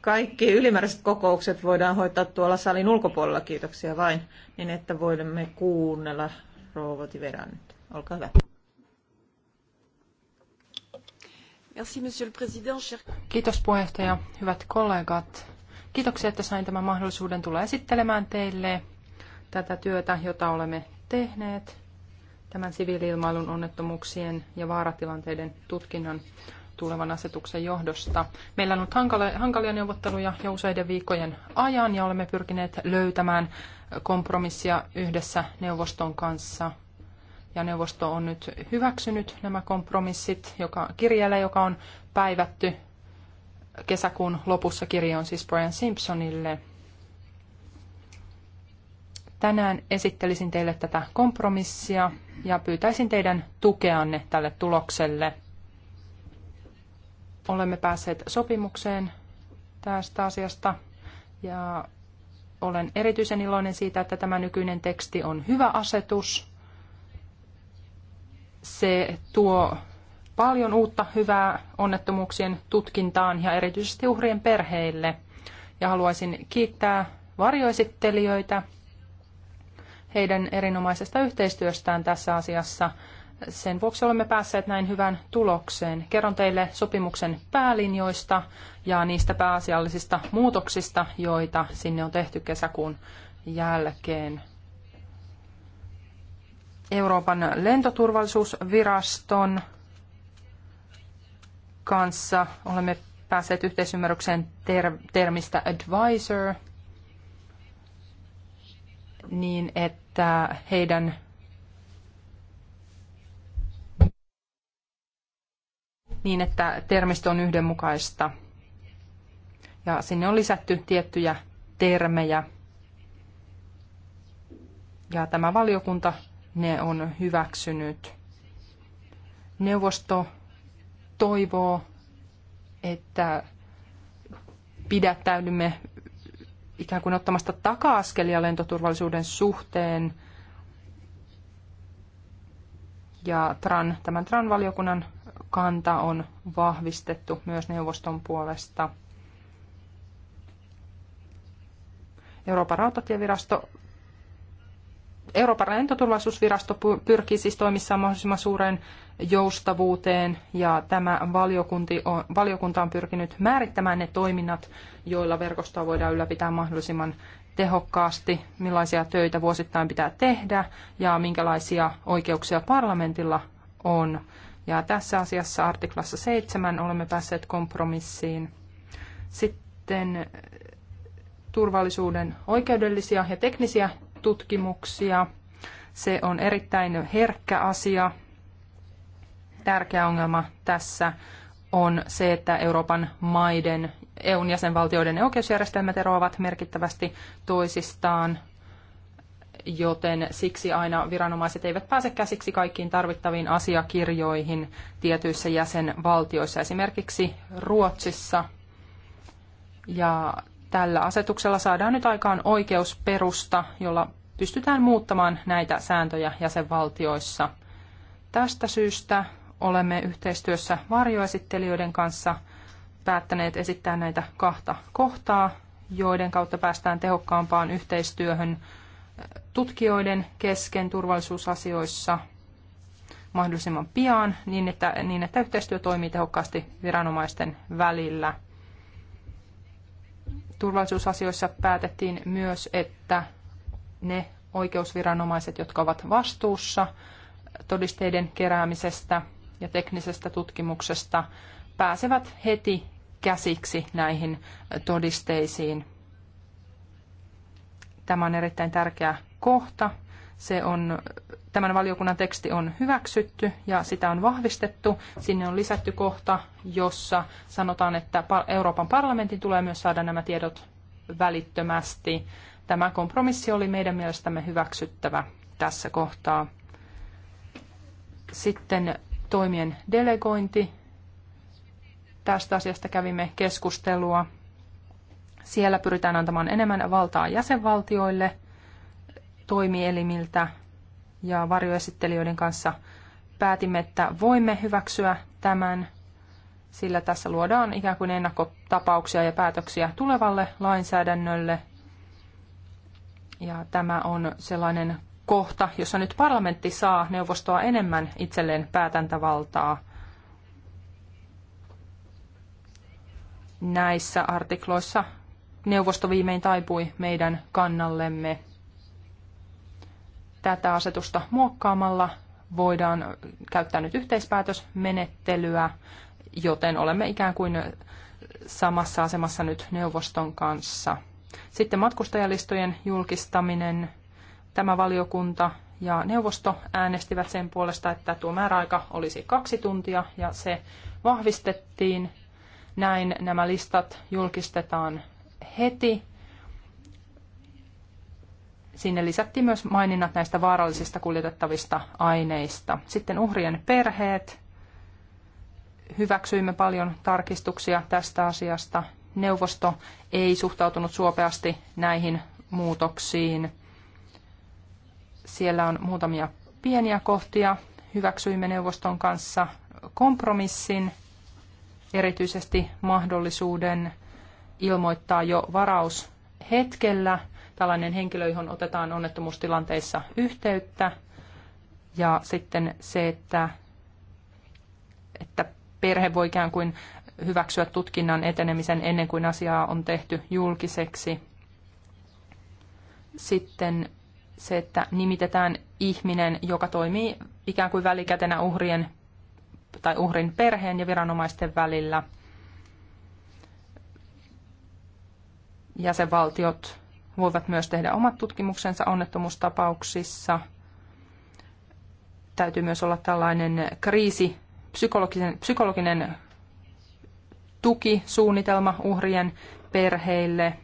Kaikki ylimääräiset kokoukset voidaan hoitaa tuolla salin ulkopuolella, kiitoksia vain, niin että voimme kuunnella Rouva Tiveran. Olkaa hyvä. Kiitos puheenjohtaja, hyvät kollegat. Kiitoksia, että sain tämän mahdollisuuden tulla esittelemään teille tätä työtä, jota olemme tehneet tämän siviiliilmailun onnettomuuksien ja vaaratilanteiden tutkinnan tulevan asetuksen johdosta. Meillä on ollut hankalia, hankalia neuvotteluja jo useiden viikkojen ajan ja olemme pyrkineet löytämään kompromissia yhdessä neuvoston kanssa ja neuvosto on nyt hyväksynyt nämä kompromissit joka, kirjeellä, joka on päivätty kesäkuun lopussa. Kirje on siis Brian Simpsonille. Tänään esittelisin teille tätä kompromissia ja pyytäisin teidän tukeanne tälle tulokselle. Olemme päässeet sopimukseen tästä asiasta ja olen erityisen iloinen siitä, että tämä nykyinen teksti on hyvä asetus se tuo paljon uutta hyvää onnettomuuksien tutkintaan ja erityisesti uhrien perheille. Ja haluaisin kiittää varjoesittelijöitä heidän erinomaisesta yhteistyöstään tässä asiassa. Sen vuoksi olemme päässeet näin hyvään tulokseen. Kerron teille sopimuksen päälinjoista ja niistä pääasiallisista muutoksista, joita sinne on tehty kesäkuun jälkeen. Euroopan lentoturvallisuusviraston kanssa. Olemme päässeet yhteisymmärrykseen ter- termistä advisor, niin että heidän niin, että termistö on yhdenmukaista. Ja sinne on lisätty tiettyjä termejä. Ja tämä valiokunta ne on hyväksynyt. Neuvosto toivoo, että pidättäydymme ikään kuin ottamasta taka-askelia lentoturvallisuuden suhteen. Ja TRAN, tämän TRAN-valiokunnan kanta on vahvistettu myös neuvoston puolesta. Euroopan rautatievirasto Euroopan lentoturvallisuusvirasto pyrkii siis toimissaan mahdollisimman suureen joustavuuteen ja tämä on, valiokunta on pyrkinyt määrittämään ne toiminnat, joilla verkostoa voidaan ylläpitää mahdollisimman tehokkaasti, millaisia töitä vuosittain pitää tehdä ja minkälaisia oikeuksia parlamentilla on. Ja tässä asiassa artiklassa 7 olemme päässeet kompromissiin. Sitten turvallisuuden oikeudellisia ja teknisiä tutkimuksia. Se on erittäin herkkä asia. Tärkeä ongelma tässä on se, että Euroopan maiden, EUn jäsenvaltioiden oikeusjärjestelmät eroavat merkittävästi toisistaan, joten siksi aina viranomaiset eivät pääse käsiksi kaikkiin tarvittaviin asiakirjoihin tietyissä jäsenvaltioissa, esimerkiksi Ruotsissa. Ja Tällä asetuksella saadaan nyt aikaan oikeusperusta, jolla pystytään muuttamaan näitä sääntöjä jäsenvaltioissa. Tästä syystä olemme yhteistyössä varjoesittelijöiden kanssa päättäneet esittää näitä kahta kohtaa, joiden kautta päästään tehokkaampaan yhteistyöhön tutkijoiden kesken turvallisuusasioissa mahdollisimman pian, niin että, niin että yhteistyö toimii tehokkaasti viranomaisten välillä – turvallisuusasioissa päätettiin myös, että ne oikeusviranomaiset, jotka ovat vastuussa todisteiden keräämisestä ja teknisestä tutkimuksesta, pääsevät heti käsiksi näihin todisteisiin. Tämä on erittäin tärkeä kohta. Se on tämän valiokunnan teksti on hyväksytty ja sitä on vahvistettu. Sinne on lisätty kohta, jossa sanotaan, että Euroopan parlamentin tulee myös saada nämä tiedot välittömästi. Tämä kompromissi oli meidän mielestämme hyväksyttävä tässä kohtaa. Sitten toimien delegointi. Tästä asiasta kävimme keskustelua. Siellä pyritään antamaan enemmän valtaa jäsenvaltioille toimielimiltä ja varjoesittelijöiden kanssa päätimme, että voimme hyväksyä tämän, sillä tässä luodaan ikään kuin ennakkotapauksia ja päätöksiä tulevalle lainsäädännölle. Ja tämä on sellainen kohta, jossa nyt parlamentti saa neuvostoa enemmän itselleen päätäntävaltaa näissä artikloissa neuvosto viimein taipui meidän kannallemme tätä asetusta muokkaamalla voidaan käyttää nyt yhteispäätösmenettelyä, joten olemme ikään kuin samassa asemassa nyt neuvoston kanssa. Sitten matkustajalistojen julkistaminen. Tämä valiokunta ja neuvosto äänestivät sen puolesta, että tuo määräaika olisi kaksi tuntia ja se vahvistettiin. Näin nämä listat julkistetaan heti sinne lisättiin myös maininnat näistä vaarallisista kuljetettavista aineista. Sitten uhrien perheet. Hyväksyimme paljon tarkistuksia tästä asiasta. Neuvosto ei suhtautunut suopeasti näihin muutoksiin. Siellä on muutamia pieniä kohtia. Hyväksyimme neuvoston kanssa kompromissin, erityisesti mahdollisuuden ilmoittaa jo varaus hetkellä – tällainen henkilö, johon otetaan onnettomuustilanteissa yhteyttä. Ja sitten se, että, että perhe voi ikään kuin hyväksyä tutkinnan etenemisen ennen kuin asiaa on tehty julkiseksi. Sitten se, että nimitetään ihminen, joka toimii ikään kuin välikätenä uhrien tai uhrin perheen ja viranomaisten välillä. Jäsenvaltiot voivat myös tehdä omat tutkimuksensa onnettomuustapauksissa. Täytyy myös olla tällainen kriisi, psykologinen, psykologinen tuki, suunnitelma uhrien perheille.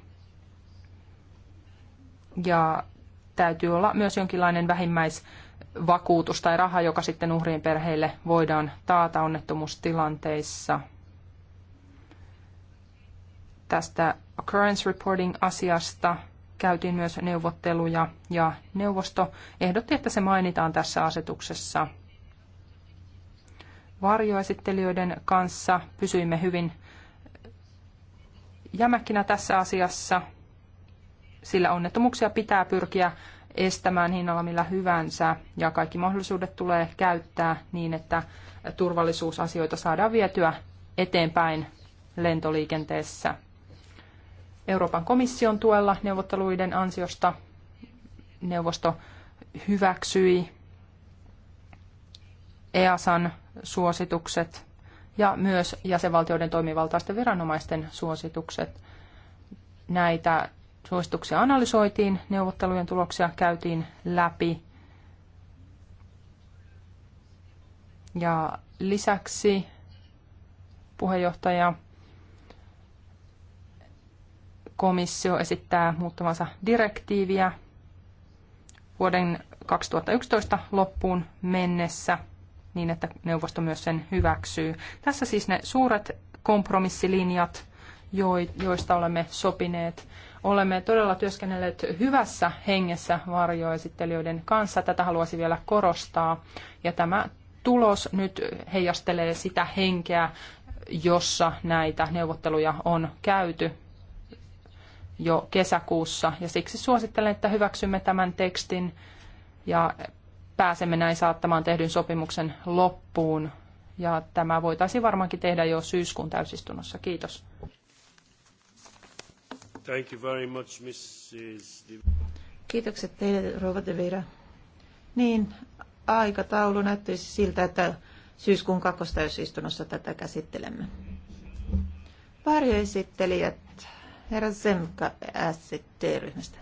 Ja täytyy olla myös jonkinlainen vähimmäisvakuutus tai raha, joka sitten uhrien perheille voidaan taata onnettomuustilanteissa. Tästä occurrence reporting asiasta käytiin myös neuvotteluja ja neuvosto ehdotti, että se mainitaan tässä asetuksessa. Varjoesittelijöiden kanssa pysyimme hyvin jämäkkinä tässä asiassa, sillä onnettomuuksia pitää pyrkiä estämään hinnalla millä hyvänsä ja kaikki mahdollisuudet tulee käyttää niin, että turvallisuusasioita saadaan vietyä eteenpäin lentoliikenteessä. Euroopan komission tuella neuvotteluiden ansiosta neuvosto hyväksyi EASan suositukset ja myös jäsenvaltioiden toimivaltaisten viranomaisten suositukset. Näitä suosituksia analysoitiin, neuvottelujen tuloksia käytiin läpi. Ja lisäksi puheenjohtaja komissio esittää muuttamansa direktiiviä vuoden 2011 loppuun mennessä niin, että neuvosto myös sen hyväksyy. Tässä siis ne suuret kompromissilinjat, joista olemme sopineet. Olemme todella työskennelleet hyvässä hengessä varjoesittelijöiden kanssa. Tätä haluaisin vielä korostaa. Ja tämä tulos nyt heijastelee sitä henkeä, jossa näitä neuvotteluja on käyty jo kesäkuussa. Ja siksi suosittelen, että hyväksymme tämän tekstin ja pääsemme näin saattamaan tehdyn sopimuksen loppuun. Ja tämä voitaisiin varmaankin tehdä jo syyskuun täysistunnossa. Kiitos. Thank you very much, Mrs. Kiitokset teille, Rova de Vera. Niin, aikataulu näyttäisi siltä, että syyskuun kakkostäysistunnossa tätä käsittelemme. Varjoesittelijät Herra Semka ST-ryhmästä.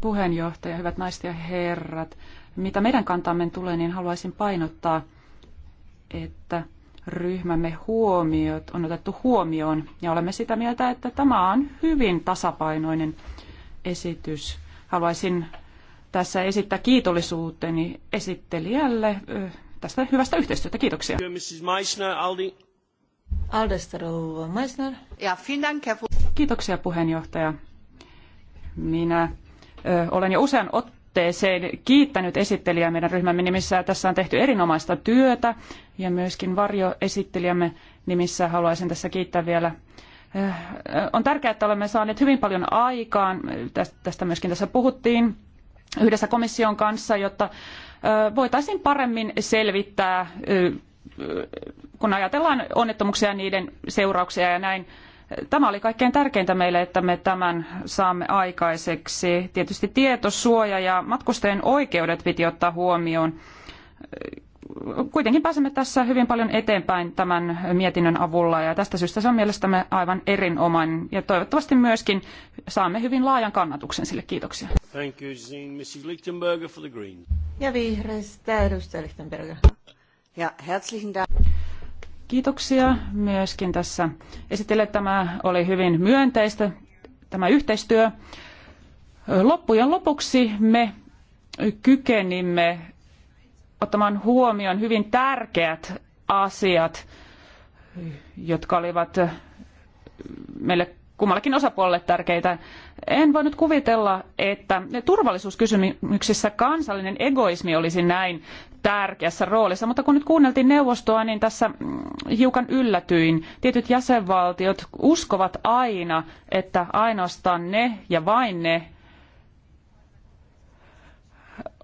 Puheenjohtaja, hyvät naiset ja herrat, mitä meidän kantamme tulee, niin haluaisin painottaa, että ryhmämme huomiot on otettu huomioon ja olemme sitä mieltä, että tämä on hyvin tasapainoinen esitys. Haluaisin tässä esittää kiitollisuuteni esittelijälle tästä hyvästä yhteistyötä. Kiitoksia. Kiitoksia puheenjohtaja. Minä ö, olen jo usean otteeseen kiittänyt esittelijää meidän ryhmämme nimissä. Tässä on tehty erinomaista työtä ja myöskin varjoesittelijämme nimissä haluaisin tässä kiittää vielä on tärkeää, että olemme saaneet hyvin paljon aikaan. Tästä myöskin tässä puhuttiin yhdessä komission kanssa, jotta voitaisiin paremmin selvittää, kun ajatellaan onnettomuuksia ja niiden seurauksia ja näin. Tämä oli kaikkein tärkeintä meille, että me tämän saamme aikaiseksi. Tietysti tietosuoja ja matkustajien oikeudet piti ottaa huomioon kuitenkin pääsemme tässä hyvin paljon eteenpäin tämän mietinnön avulla ja tästä syystä se on mielestämme aivan erinomainen ja toivottavasti myöskin saamme hyvin laajan kannatuksen sille. Kiitoksia. Thank you, Mrs. Lichtenberger for the Greens. Ja vihreistä edustaja Lichtenberger. Ja herzlichen Dank. Kiitoksia myöskin tässä esitelle. Tämä oli hyvin myönteistä, tämä yhteistyö. Loppujen lopuksi me kykenimme ottamaan huomioon hyvin tärkeät asiat, jotka olivat meille kummallakin osapuolelle tärkeitä. En voinut kuvitella, että turvallisuuskysymyksissä kansallinen egoismi olisi näin tärkeässä roolissa, mutta kun nyt kuunneltiin neuvostoa, niin tässä hiukan yllätyin. Tietyt jäsenvaltiot uskovat aina, että ainoastaan ne ja vain ne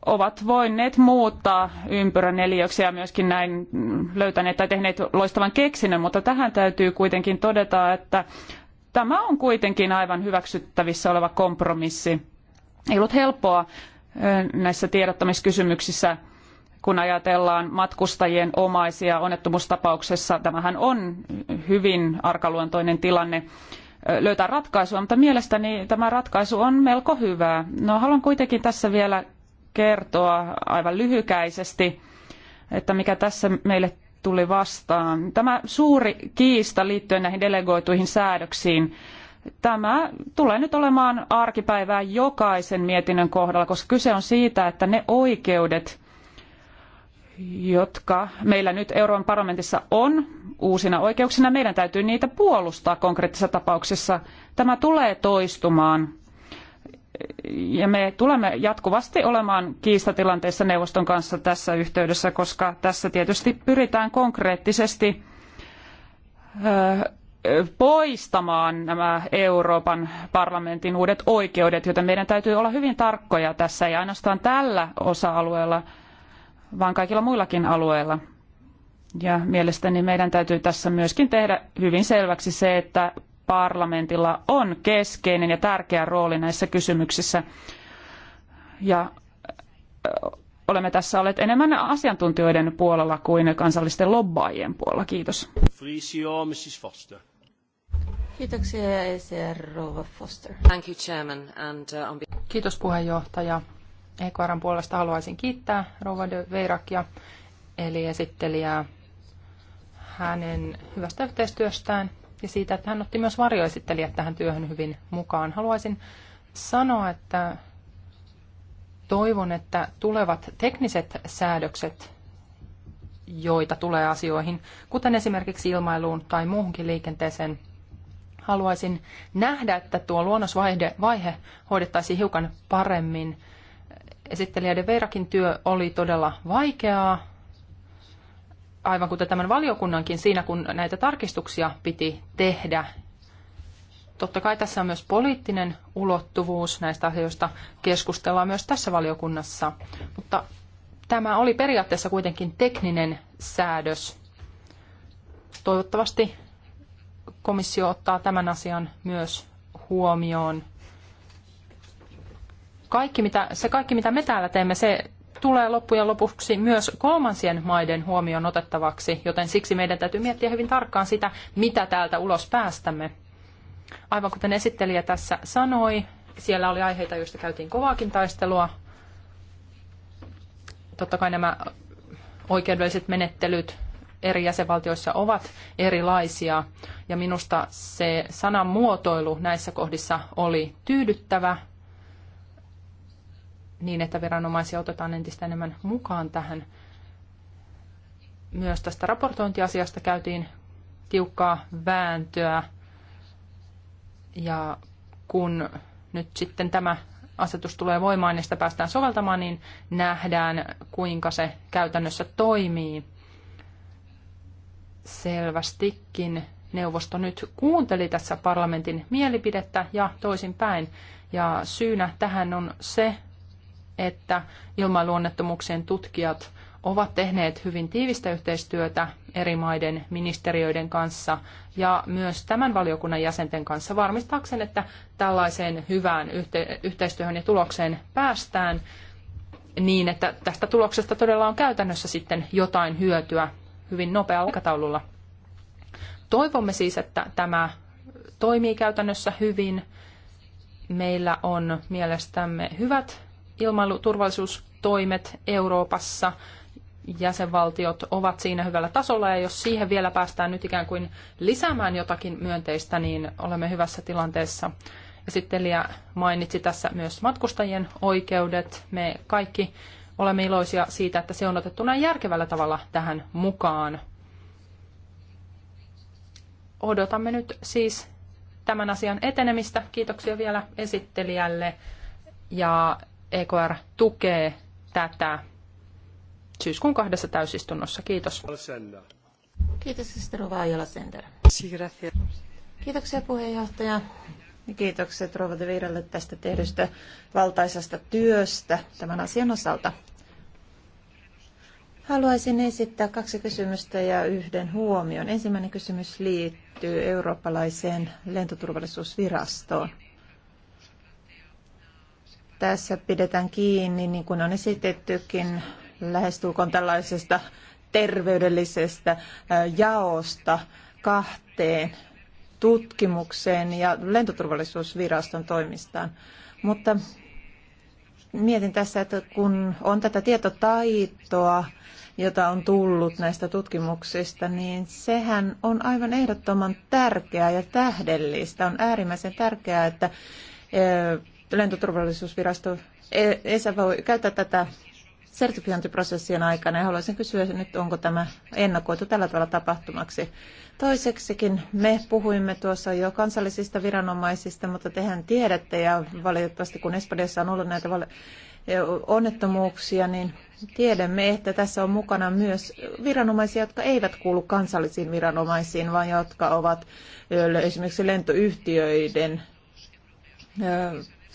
ovat voineet muuttaa ympyräneliöksi ja myöskin näin löytäneet tai tehneet loistavan keksinnön, mutta tähän täytyy kuitenkin todeta, että tämä on kuitenkin aivan hyväksyttävissä oleva kompromissi. Ei ollut helppoa näissä tiedottamiskysymyksissä, kun ajatellaan matkustajien omaisia onnettomuustapauksessa. Tämähän on hyvin arkaluontoinen tilanne löytää ratkaisua, mutta mielestäni tämä ratkaisu on melko hyvä. No haluan kuitenkin tässä vielä kertoa aivan lyhykäisesti, että mikä tässä meille tuli vastaan. Tämä suuri kiista liittyen näihin delegoituihin säädöksiin, tämä tulee nyt olemaan arkipäivää jokaisen mietinnön kohdalla, koska kyse on siitä, että ne oikeudet, jotka meillä nyt Euroopan parlamentissa on uusina oikeuksina, meidän täytyy niitä puolustaa konkreettisissa tapauksissa. Tämä tulee toistumaan ja me tulemme jatkuvasti olemaan kiistatilanteessa neuvoston kanssa tässä yhteydessä, koska tässä tietysti pyritään konkreettisesti poistamaan nämä Euroopan parlamentin uudet oikeudet, joten meidän täytyy olla hyvin tarkkoja tässä, ei ainoastaan tällä osa-alueella, vaan kaikilla muillakin alueilla. Ja mielestäni meidän täytyy tässä myöskin tehdä hyvin selväksi se, että parlamentilla on keskeinen ja tärkeä rooli näissä kysymyksissä. Ja olemme tässä olleet enemmän asiantuntijoiden puolella kuin kansallisten lobbaajien puolella. Kiitos. Foster. Kiitoksia ECR Rova Foster. Thank you, Chairman. And, uh, on... Kiitos puheenjohtaja. EKRn puolesta haluaisin kiittää Rova de Veirakia, eli esittelijää hänen hyvästä yhteistyöstään ja siitä, että hän otti myös varjoesittelijät tähän työhön hyvin mukaan. Haluaisin sanoa, että toivon, että tulevat tekniset säädökset, joita tulee asioihin, kuten esimerkiksi ilmailuun tai muuhunkin liikenteeseen, haluaisin nähdä, että tuo luonnosvaihe vaihe hoidettaisiin hiukan paremmin. Esittelijäiden Veirakin työ oli todella vaikeaa, aivan kuten tämän valiokunnankin siinä, kun näitä tarkistuksia piti tehdä. Totta kai tässä on myös poliittinen ulottuvuus näistä asioista, keskustellaan myös tässä valiokunnassa, mutta tämä oli periaatteessa kuitenkin tekninen säädös. Toivottavasti komissio ottaa tämän asian myös huomioon. Kaikki, mitä, se kaikki, mitä me täällä teemme, se tulee loppujen lopuksi myös kolmansien maiden huomioon otettavaksi, joten siksi meidän täytyy miettiä hyvin tarkkaan sitä, mitä täältä ulos päästämme. Aivan kuten esittelijä tässä sanoi, siellä oli aiheita, joista käytiin kovaakin taistelua. Totta kai nämä oikeudelliset menettelyt eri jäsenvaltioissa ovat erilaisia, ja minusta se sanan muotoilu näissä kohdissa oli tyydyttävä, niin, että viranomaisia otetaan entistä enemmän mukaan tähän. Myös tästä raportointiasiasta käytiin tiukkaa vääntöä. Ja kun nyt sitten tämä asetus tulee voimaan ja sitä päästään soveltamaan, niin nähdään, kuinka se käytännössä toimii. Selvästikin neuvosto nyt kuunteli tässä parlamentin mielipidettä ja toisinpäin. Ja syynä tähän on se, että ilmailuonnettomuuksien tutkijat ovat tehneet hyvin tiivistä yhteistyötä eri maiden ministeriöiden kanssa ja myös tämän valiokunnan jäsenten kanssa varmistaakseen, että tällaiseen hyvään yhteistyöhön ja tulokseen päästään niin, että tästä tuloksesta todella on käytännössä sitten jotain hyötyä hyvin nopealla aikataululla. Toivomme siis, että tämä toimii käytännössä hyvin. Meillä on mielestämme hyvät ilmailuturvallisuustoimet Euroopassa, jäsenvaltiot ovat siinä hyvällä tasolla ja jos siihen vielä päästään nyt ikään kuin lisäämään jotakin myönteistä, niin olemme hyvässä tilanteessa. Ja sitten Elia mainitsi tässä myös matkustajien oikeudet. Me kaikki olemme iloisia siitä, että se on otettu näin järkevällä tavalla tähän mukaan. Odotamme nyt siis tämän asian etenemistä. Kiitoksia vielä esittelijälle. Ja EKR tukee tätä syyskuun kahdessa täysistunnossa. Kiitos. Kiitos, Sister Vaajola Center. Kiitoksia puheenjohtaja. Kiitokset rouva de tästä tehdystä valtaisasta työstä tämän asian osalta. Haluaisin esittää kaksi kysymystä ja yhden huomion. Ensimmäinen kysymys liittyy eurooppalaiseen lentoturvallisuusvirastoon tässä pidetään kiinni, niin kuin on esitettykin, lähestulkoon tällaisesta terveydellisestä jaosta kahteen tutkimukseen ja lentoturvallisuusviraston toimistaan. Mutta mietin tässä, että kun on tätä tietotaitoa, jota on tullut näistä tutkimuksista, niin sehän on aivan ehdottoman tärkeää ja tähdellistä. On äärimmäisen tärkeää, että lentoturvallisuusvirasto e, ESA voi käyttää tätä sertifiointiprosessien aikana ja haluaisin kysyä nyt, onko tämä ennakoitu tällä tavalla tapahtumaksi. Toiseksikin me puhuimme tuossa jo kansallisista viranomaisista, mutta tehän tiedätte ja valitettavasti kun Espanjassa on ollut näitä onnettomuuksia, niin tiedämme, että tässä on mukana myös viranomaisia, jotka eivät kuulu kansallisiin viranomaisiin, vaan jotka ovat esimerkiksi lentoyhtiöiden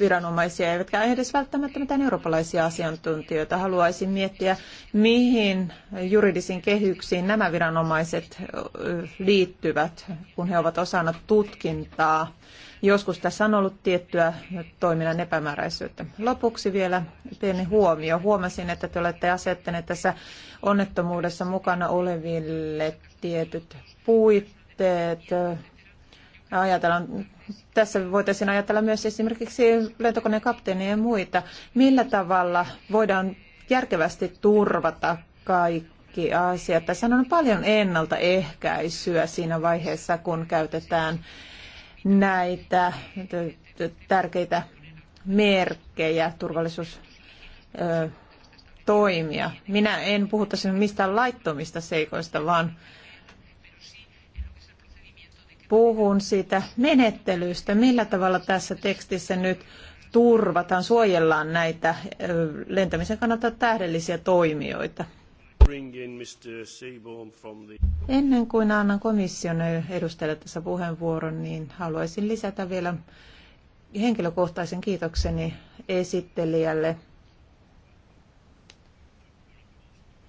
viranomaisia, eivätkä edes välttämättä mitään eurooppalaisia asiantuntijoita. Haluaisin miettiä, mihin juridisiin kehyksiin nämä viranomaiset liittyvät, kun he ovat osana tutkintaa. Joskus tässä on ollut tiettyä toiminnan epämääräisyyttä. Lopuksi vielä pieni huomio. Huomasin, että te olette asettaneet tässä onnettomuudessa mukana oleville tietyt puitteet. Ajatellaan tässä voitaisiin ajatella myös esimerkiksi lentokoneen kapteenia ja muita. Millä tavalla voidaan järkevästi turvata kaikki asiat? Tässä on paljon ennaltaehkäisyä siinä vaiheessa, kun käytetään näitä tärkeitä merkkejä, turvallisuustoimia. Minä en puhu tässä mistään laittomista seikoista, vaan puhun siitä menettelystä, millä tavalla tässä tekstissä nyt turvataan, suojellaan näitä lentämisen kannalta tähdellisiä toimijoita. Ennen kuin annan komission edustajalle tässä puheenvuoron, niin haluaisin lisätä vielä henkilökohtaisen kiitokseni esittelijälle.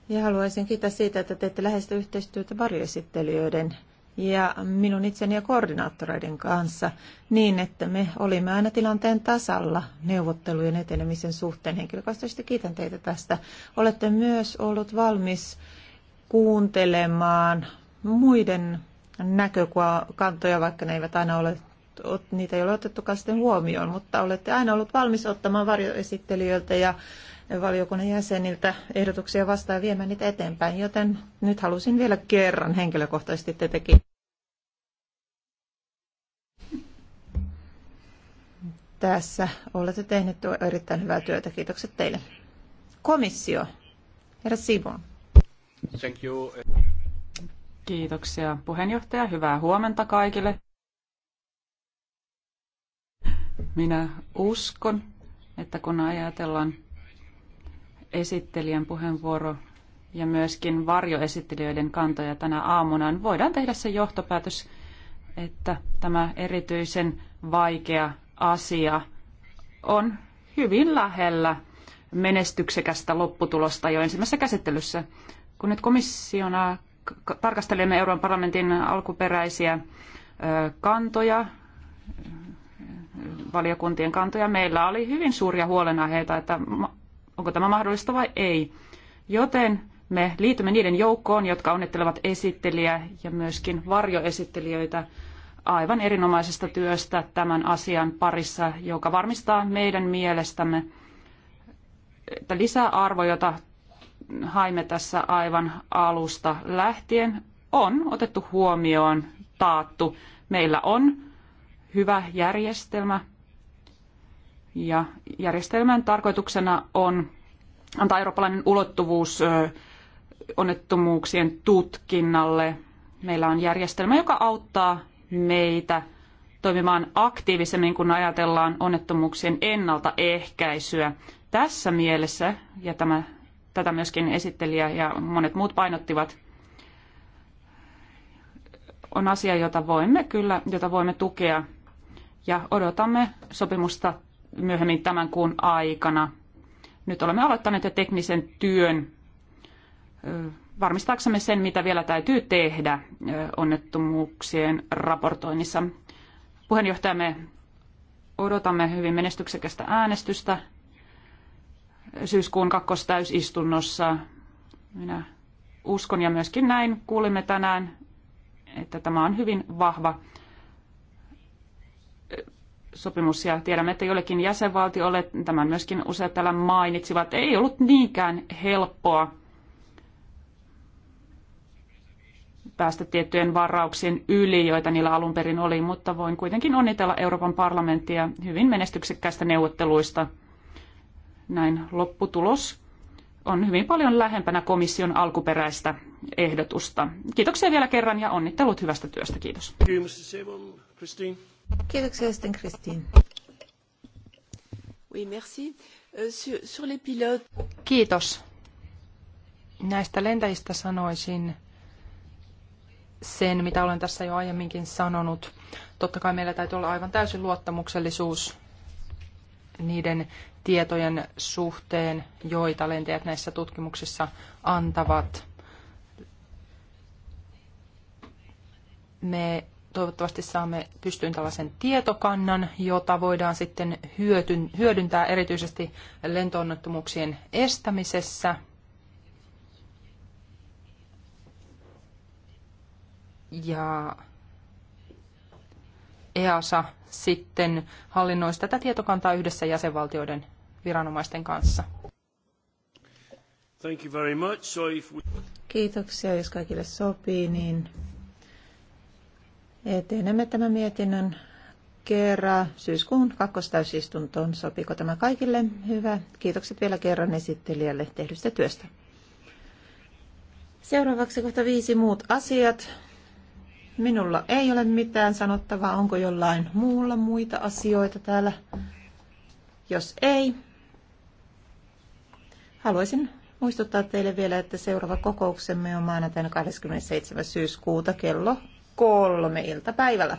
Ja haluaisin kiittää siitä, että teette läheistä yhteistyötä varjoesittelijöiden ja minun itseni ja koordinaattoreiden kanssa niin, että me olimme aina tilanteen tasalla neuvottelujen etenemisen suhteen. Henkilökohtaisesti kiitän teitä tästä. Olette myös ollut valmis kuuntelemaan muiden näkökantoja, vaikka ne eivät aina ole niitä ei ole otettukaan sitten huomioon, mutta olette aina ollut valmis ottamaan varjoesittelijöiltä ja valiokunnan jäseniltä ehdotuksia vastaan ja viemään niitä eteenpäin, joten nyt halusin vielä kerran henkilökohtaisesti tietenkin tässä olette tehneet erittäin hyvää työtä. Kiitokset teille. Komissio, herra Simon. Thank you. Kiitoksia puheenjohtaja. Hyvää huomenta kaikille. Minä uskon, että kun ajatellaan esittelijän puheenvuoro ja myöskin varjoesittelijöiden kantoja tänä aamuna, voidaan tehdä se johtopäätös, että tämä erityisen vaikea asia on hyvin lähellä menestyksekästä lopputulosta jo ensimmäisessä käsittelyssä. Kun nyt komissiona tarkastelemme Euroopan parlamentin alkuperäisiä kantoja, valiokuntien kantoja, meillä oli hyvin suuria huolenaiheita, että onko tämä mahdollista vai ei. Joten me liitymme niiden joukkoon, jotka onnittelevat esittelijä ja myöskin varjoesittelijöitä aivan erinomaisesta työstä tämän asian parissa, joka varmistaa meidän mielestämme että arvo, jota haimme tässä aivan alusta lähtien, on otettu huomioon, taattu. Meillä on hyvä järjestelmä, ja järjestelmän tarkoituksena on antaa eurooppalainen ulottuvuus onnettomuuksien tutkinnalle. Meillä on järjestelmä, joka auttaa meitä toimimaan aktiivisemmin, kun ajatellaan onnettomuuksien ennaltaehkäisyä. Tässä mielessä, ja tämä, tätä myöskin esittelijä ja monet muut painottivat, on asia, jota voimme kyllä, jota voimme tukea ja odotamme sopimusta myöhemmin tämän kuun aikana. Nyt olemme aloittaneet jo teknisen työn varmistaaksemme sen, mitä vielä täytyy tehdä onnettomuuksien raportoinnissa. Puheenjohtajamme odotamme hyvin menestyksekästä äänestystä syyskuun kakkostäysistunnossa. Minä uskon ja myöskin näin kuulimme tänään, että tämä on hyvin vahva sopimus ja tiedämme, että jollekin jäsenvaltiolle, tämän myöskin useat täällä mainitsivat, ei ollut niinkään helppoa päästä tiettyjen varauksien yli, joita niillä alun perin oli, mutta voin kuitenkin onnitella Euroopan parlamenttia hyvin menestyksekkäistä neuvotteluista. Näin lopputulos on hyvin paljon lähempänä komission alkuperäistä ehdotusta. Kiitoksia vielä kerran ja onnittelut hyvästä työstä. Kiitos. Kiitos Kiitoksia sitten Kristiin. Oui, merci. Euh, sur les pilotes. Kiitos. Näistä lentäjistä sanoisin sen, mitä olen tässä jo aiemminkin sanonut. Totta kai meillä täytyy olla aivan täysin luottamuksellisuus niiden tietojen suhteen, joita lentäjät näissä tutkimuksissa antavat. Me toivottavasti saamme pystyyn tällaisen tietokannan, jota voidaan sitten hyödyntää erityisesti lentoonnettomuuksien estämisessä. Ja EASA sitten hallinnoisi tätä tietokantaa yhdessä jäsenvaltioiden viranomaisten kanssa. Kiitoksia, jos kaikille sopii, niin Etenemme tämän mietinnön kerran syyskuun kakkostäysistuntoon. Sopiiko tämä kaikille? Hyvä. Kiitokset vielä kerran esittelijälle tehdystä työstä. Seuraavaksi kohta viisi muut asiat. Minulla ei ole mitään sanottavaa. Onko jollain muulla muita asioita täällä? Jos ei, haluaisin muistuttaa teille vielä, että seuraava kokouksemme on maanantaina 27. syyskuuta kello kolme iltapäivällä.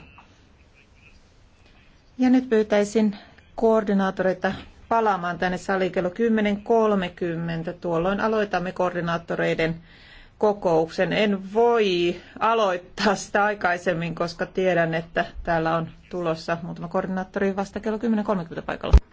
Ja nyt pyytäisin koordinaattoreita palaamaan tänne saliin kello 10.30. Tuolloin aloitamme koordinaattoreiden kokouksen. En voi aloittaa sitä aikaisemmin, koska tiedän, että täällä on tulossa muutama koordinaattori vasta kello 10.30 paikalla.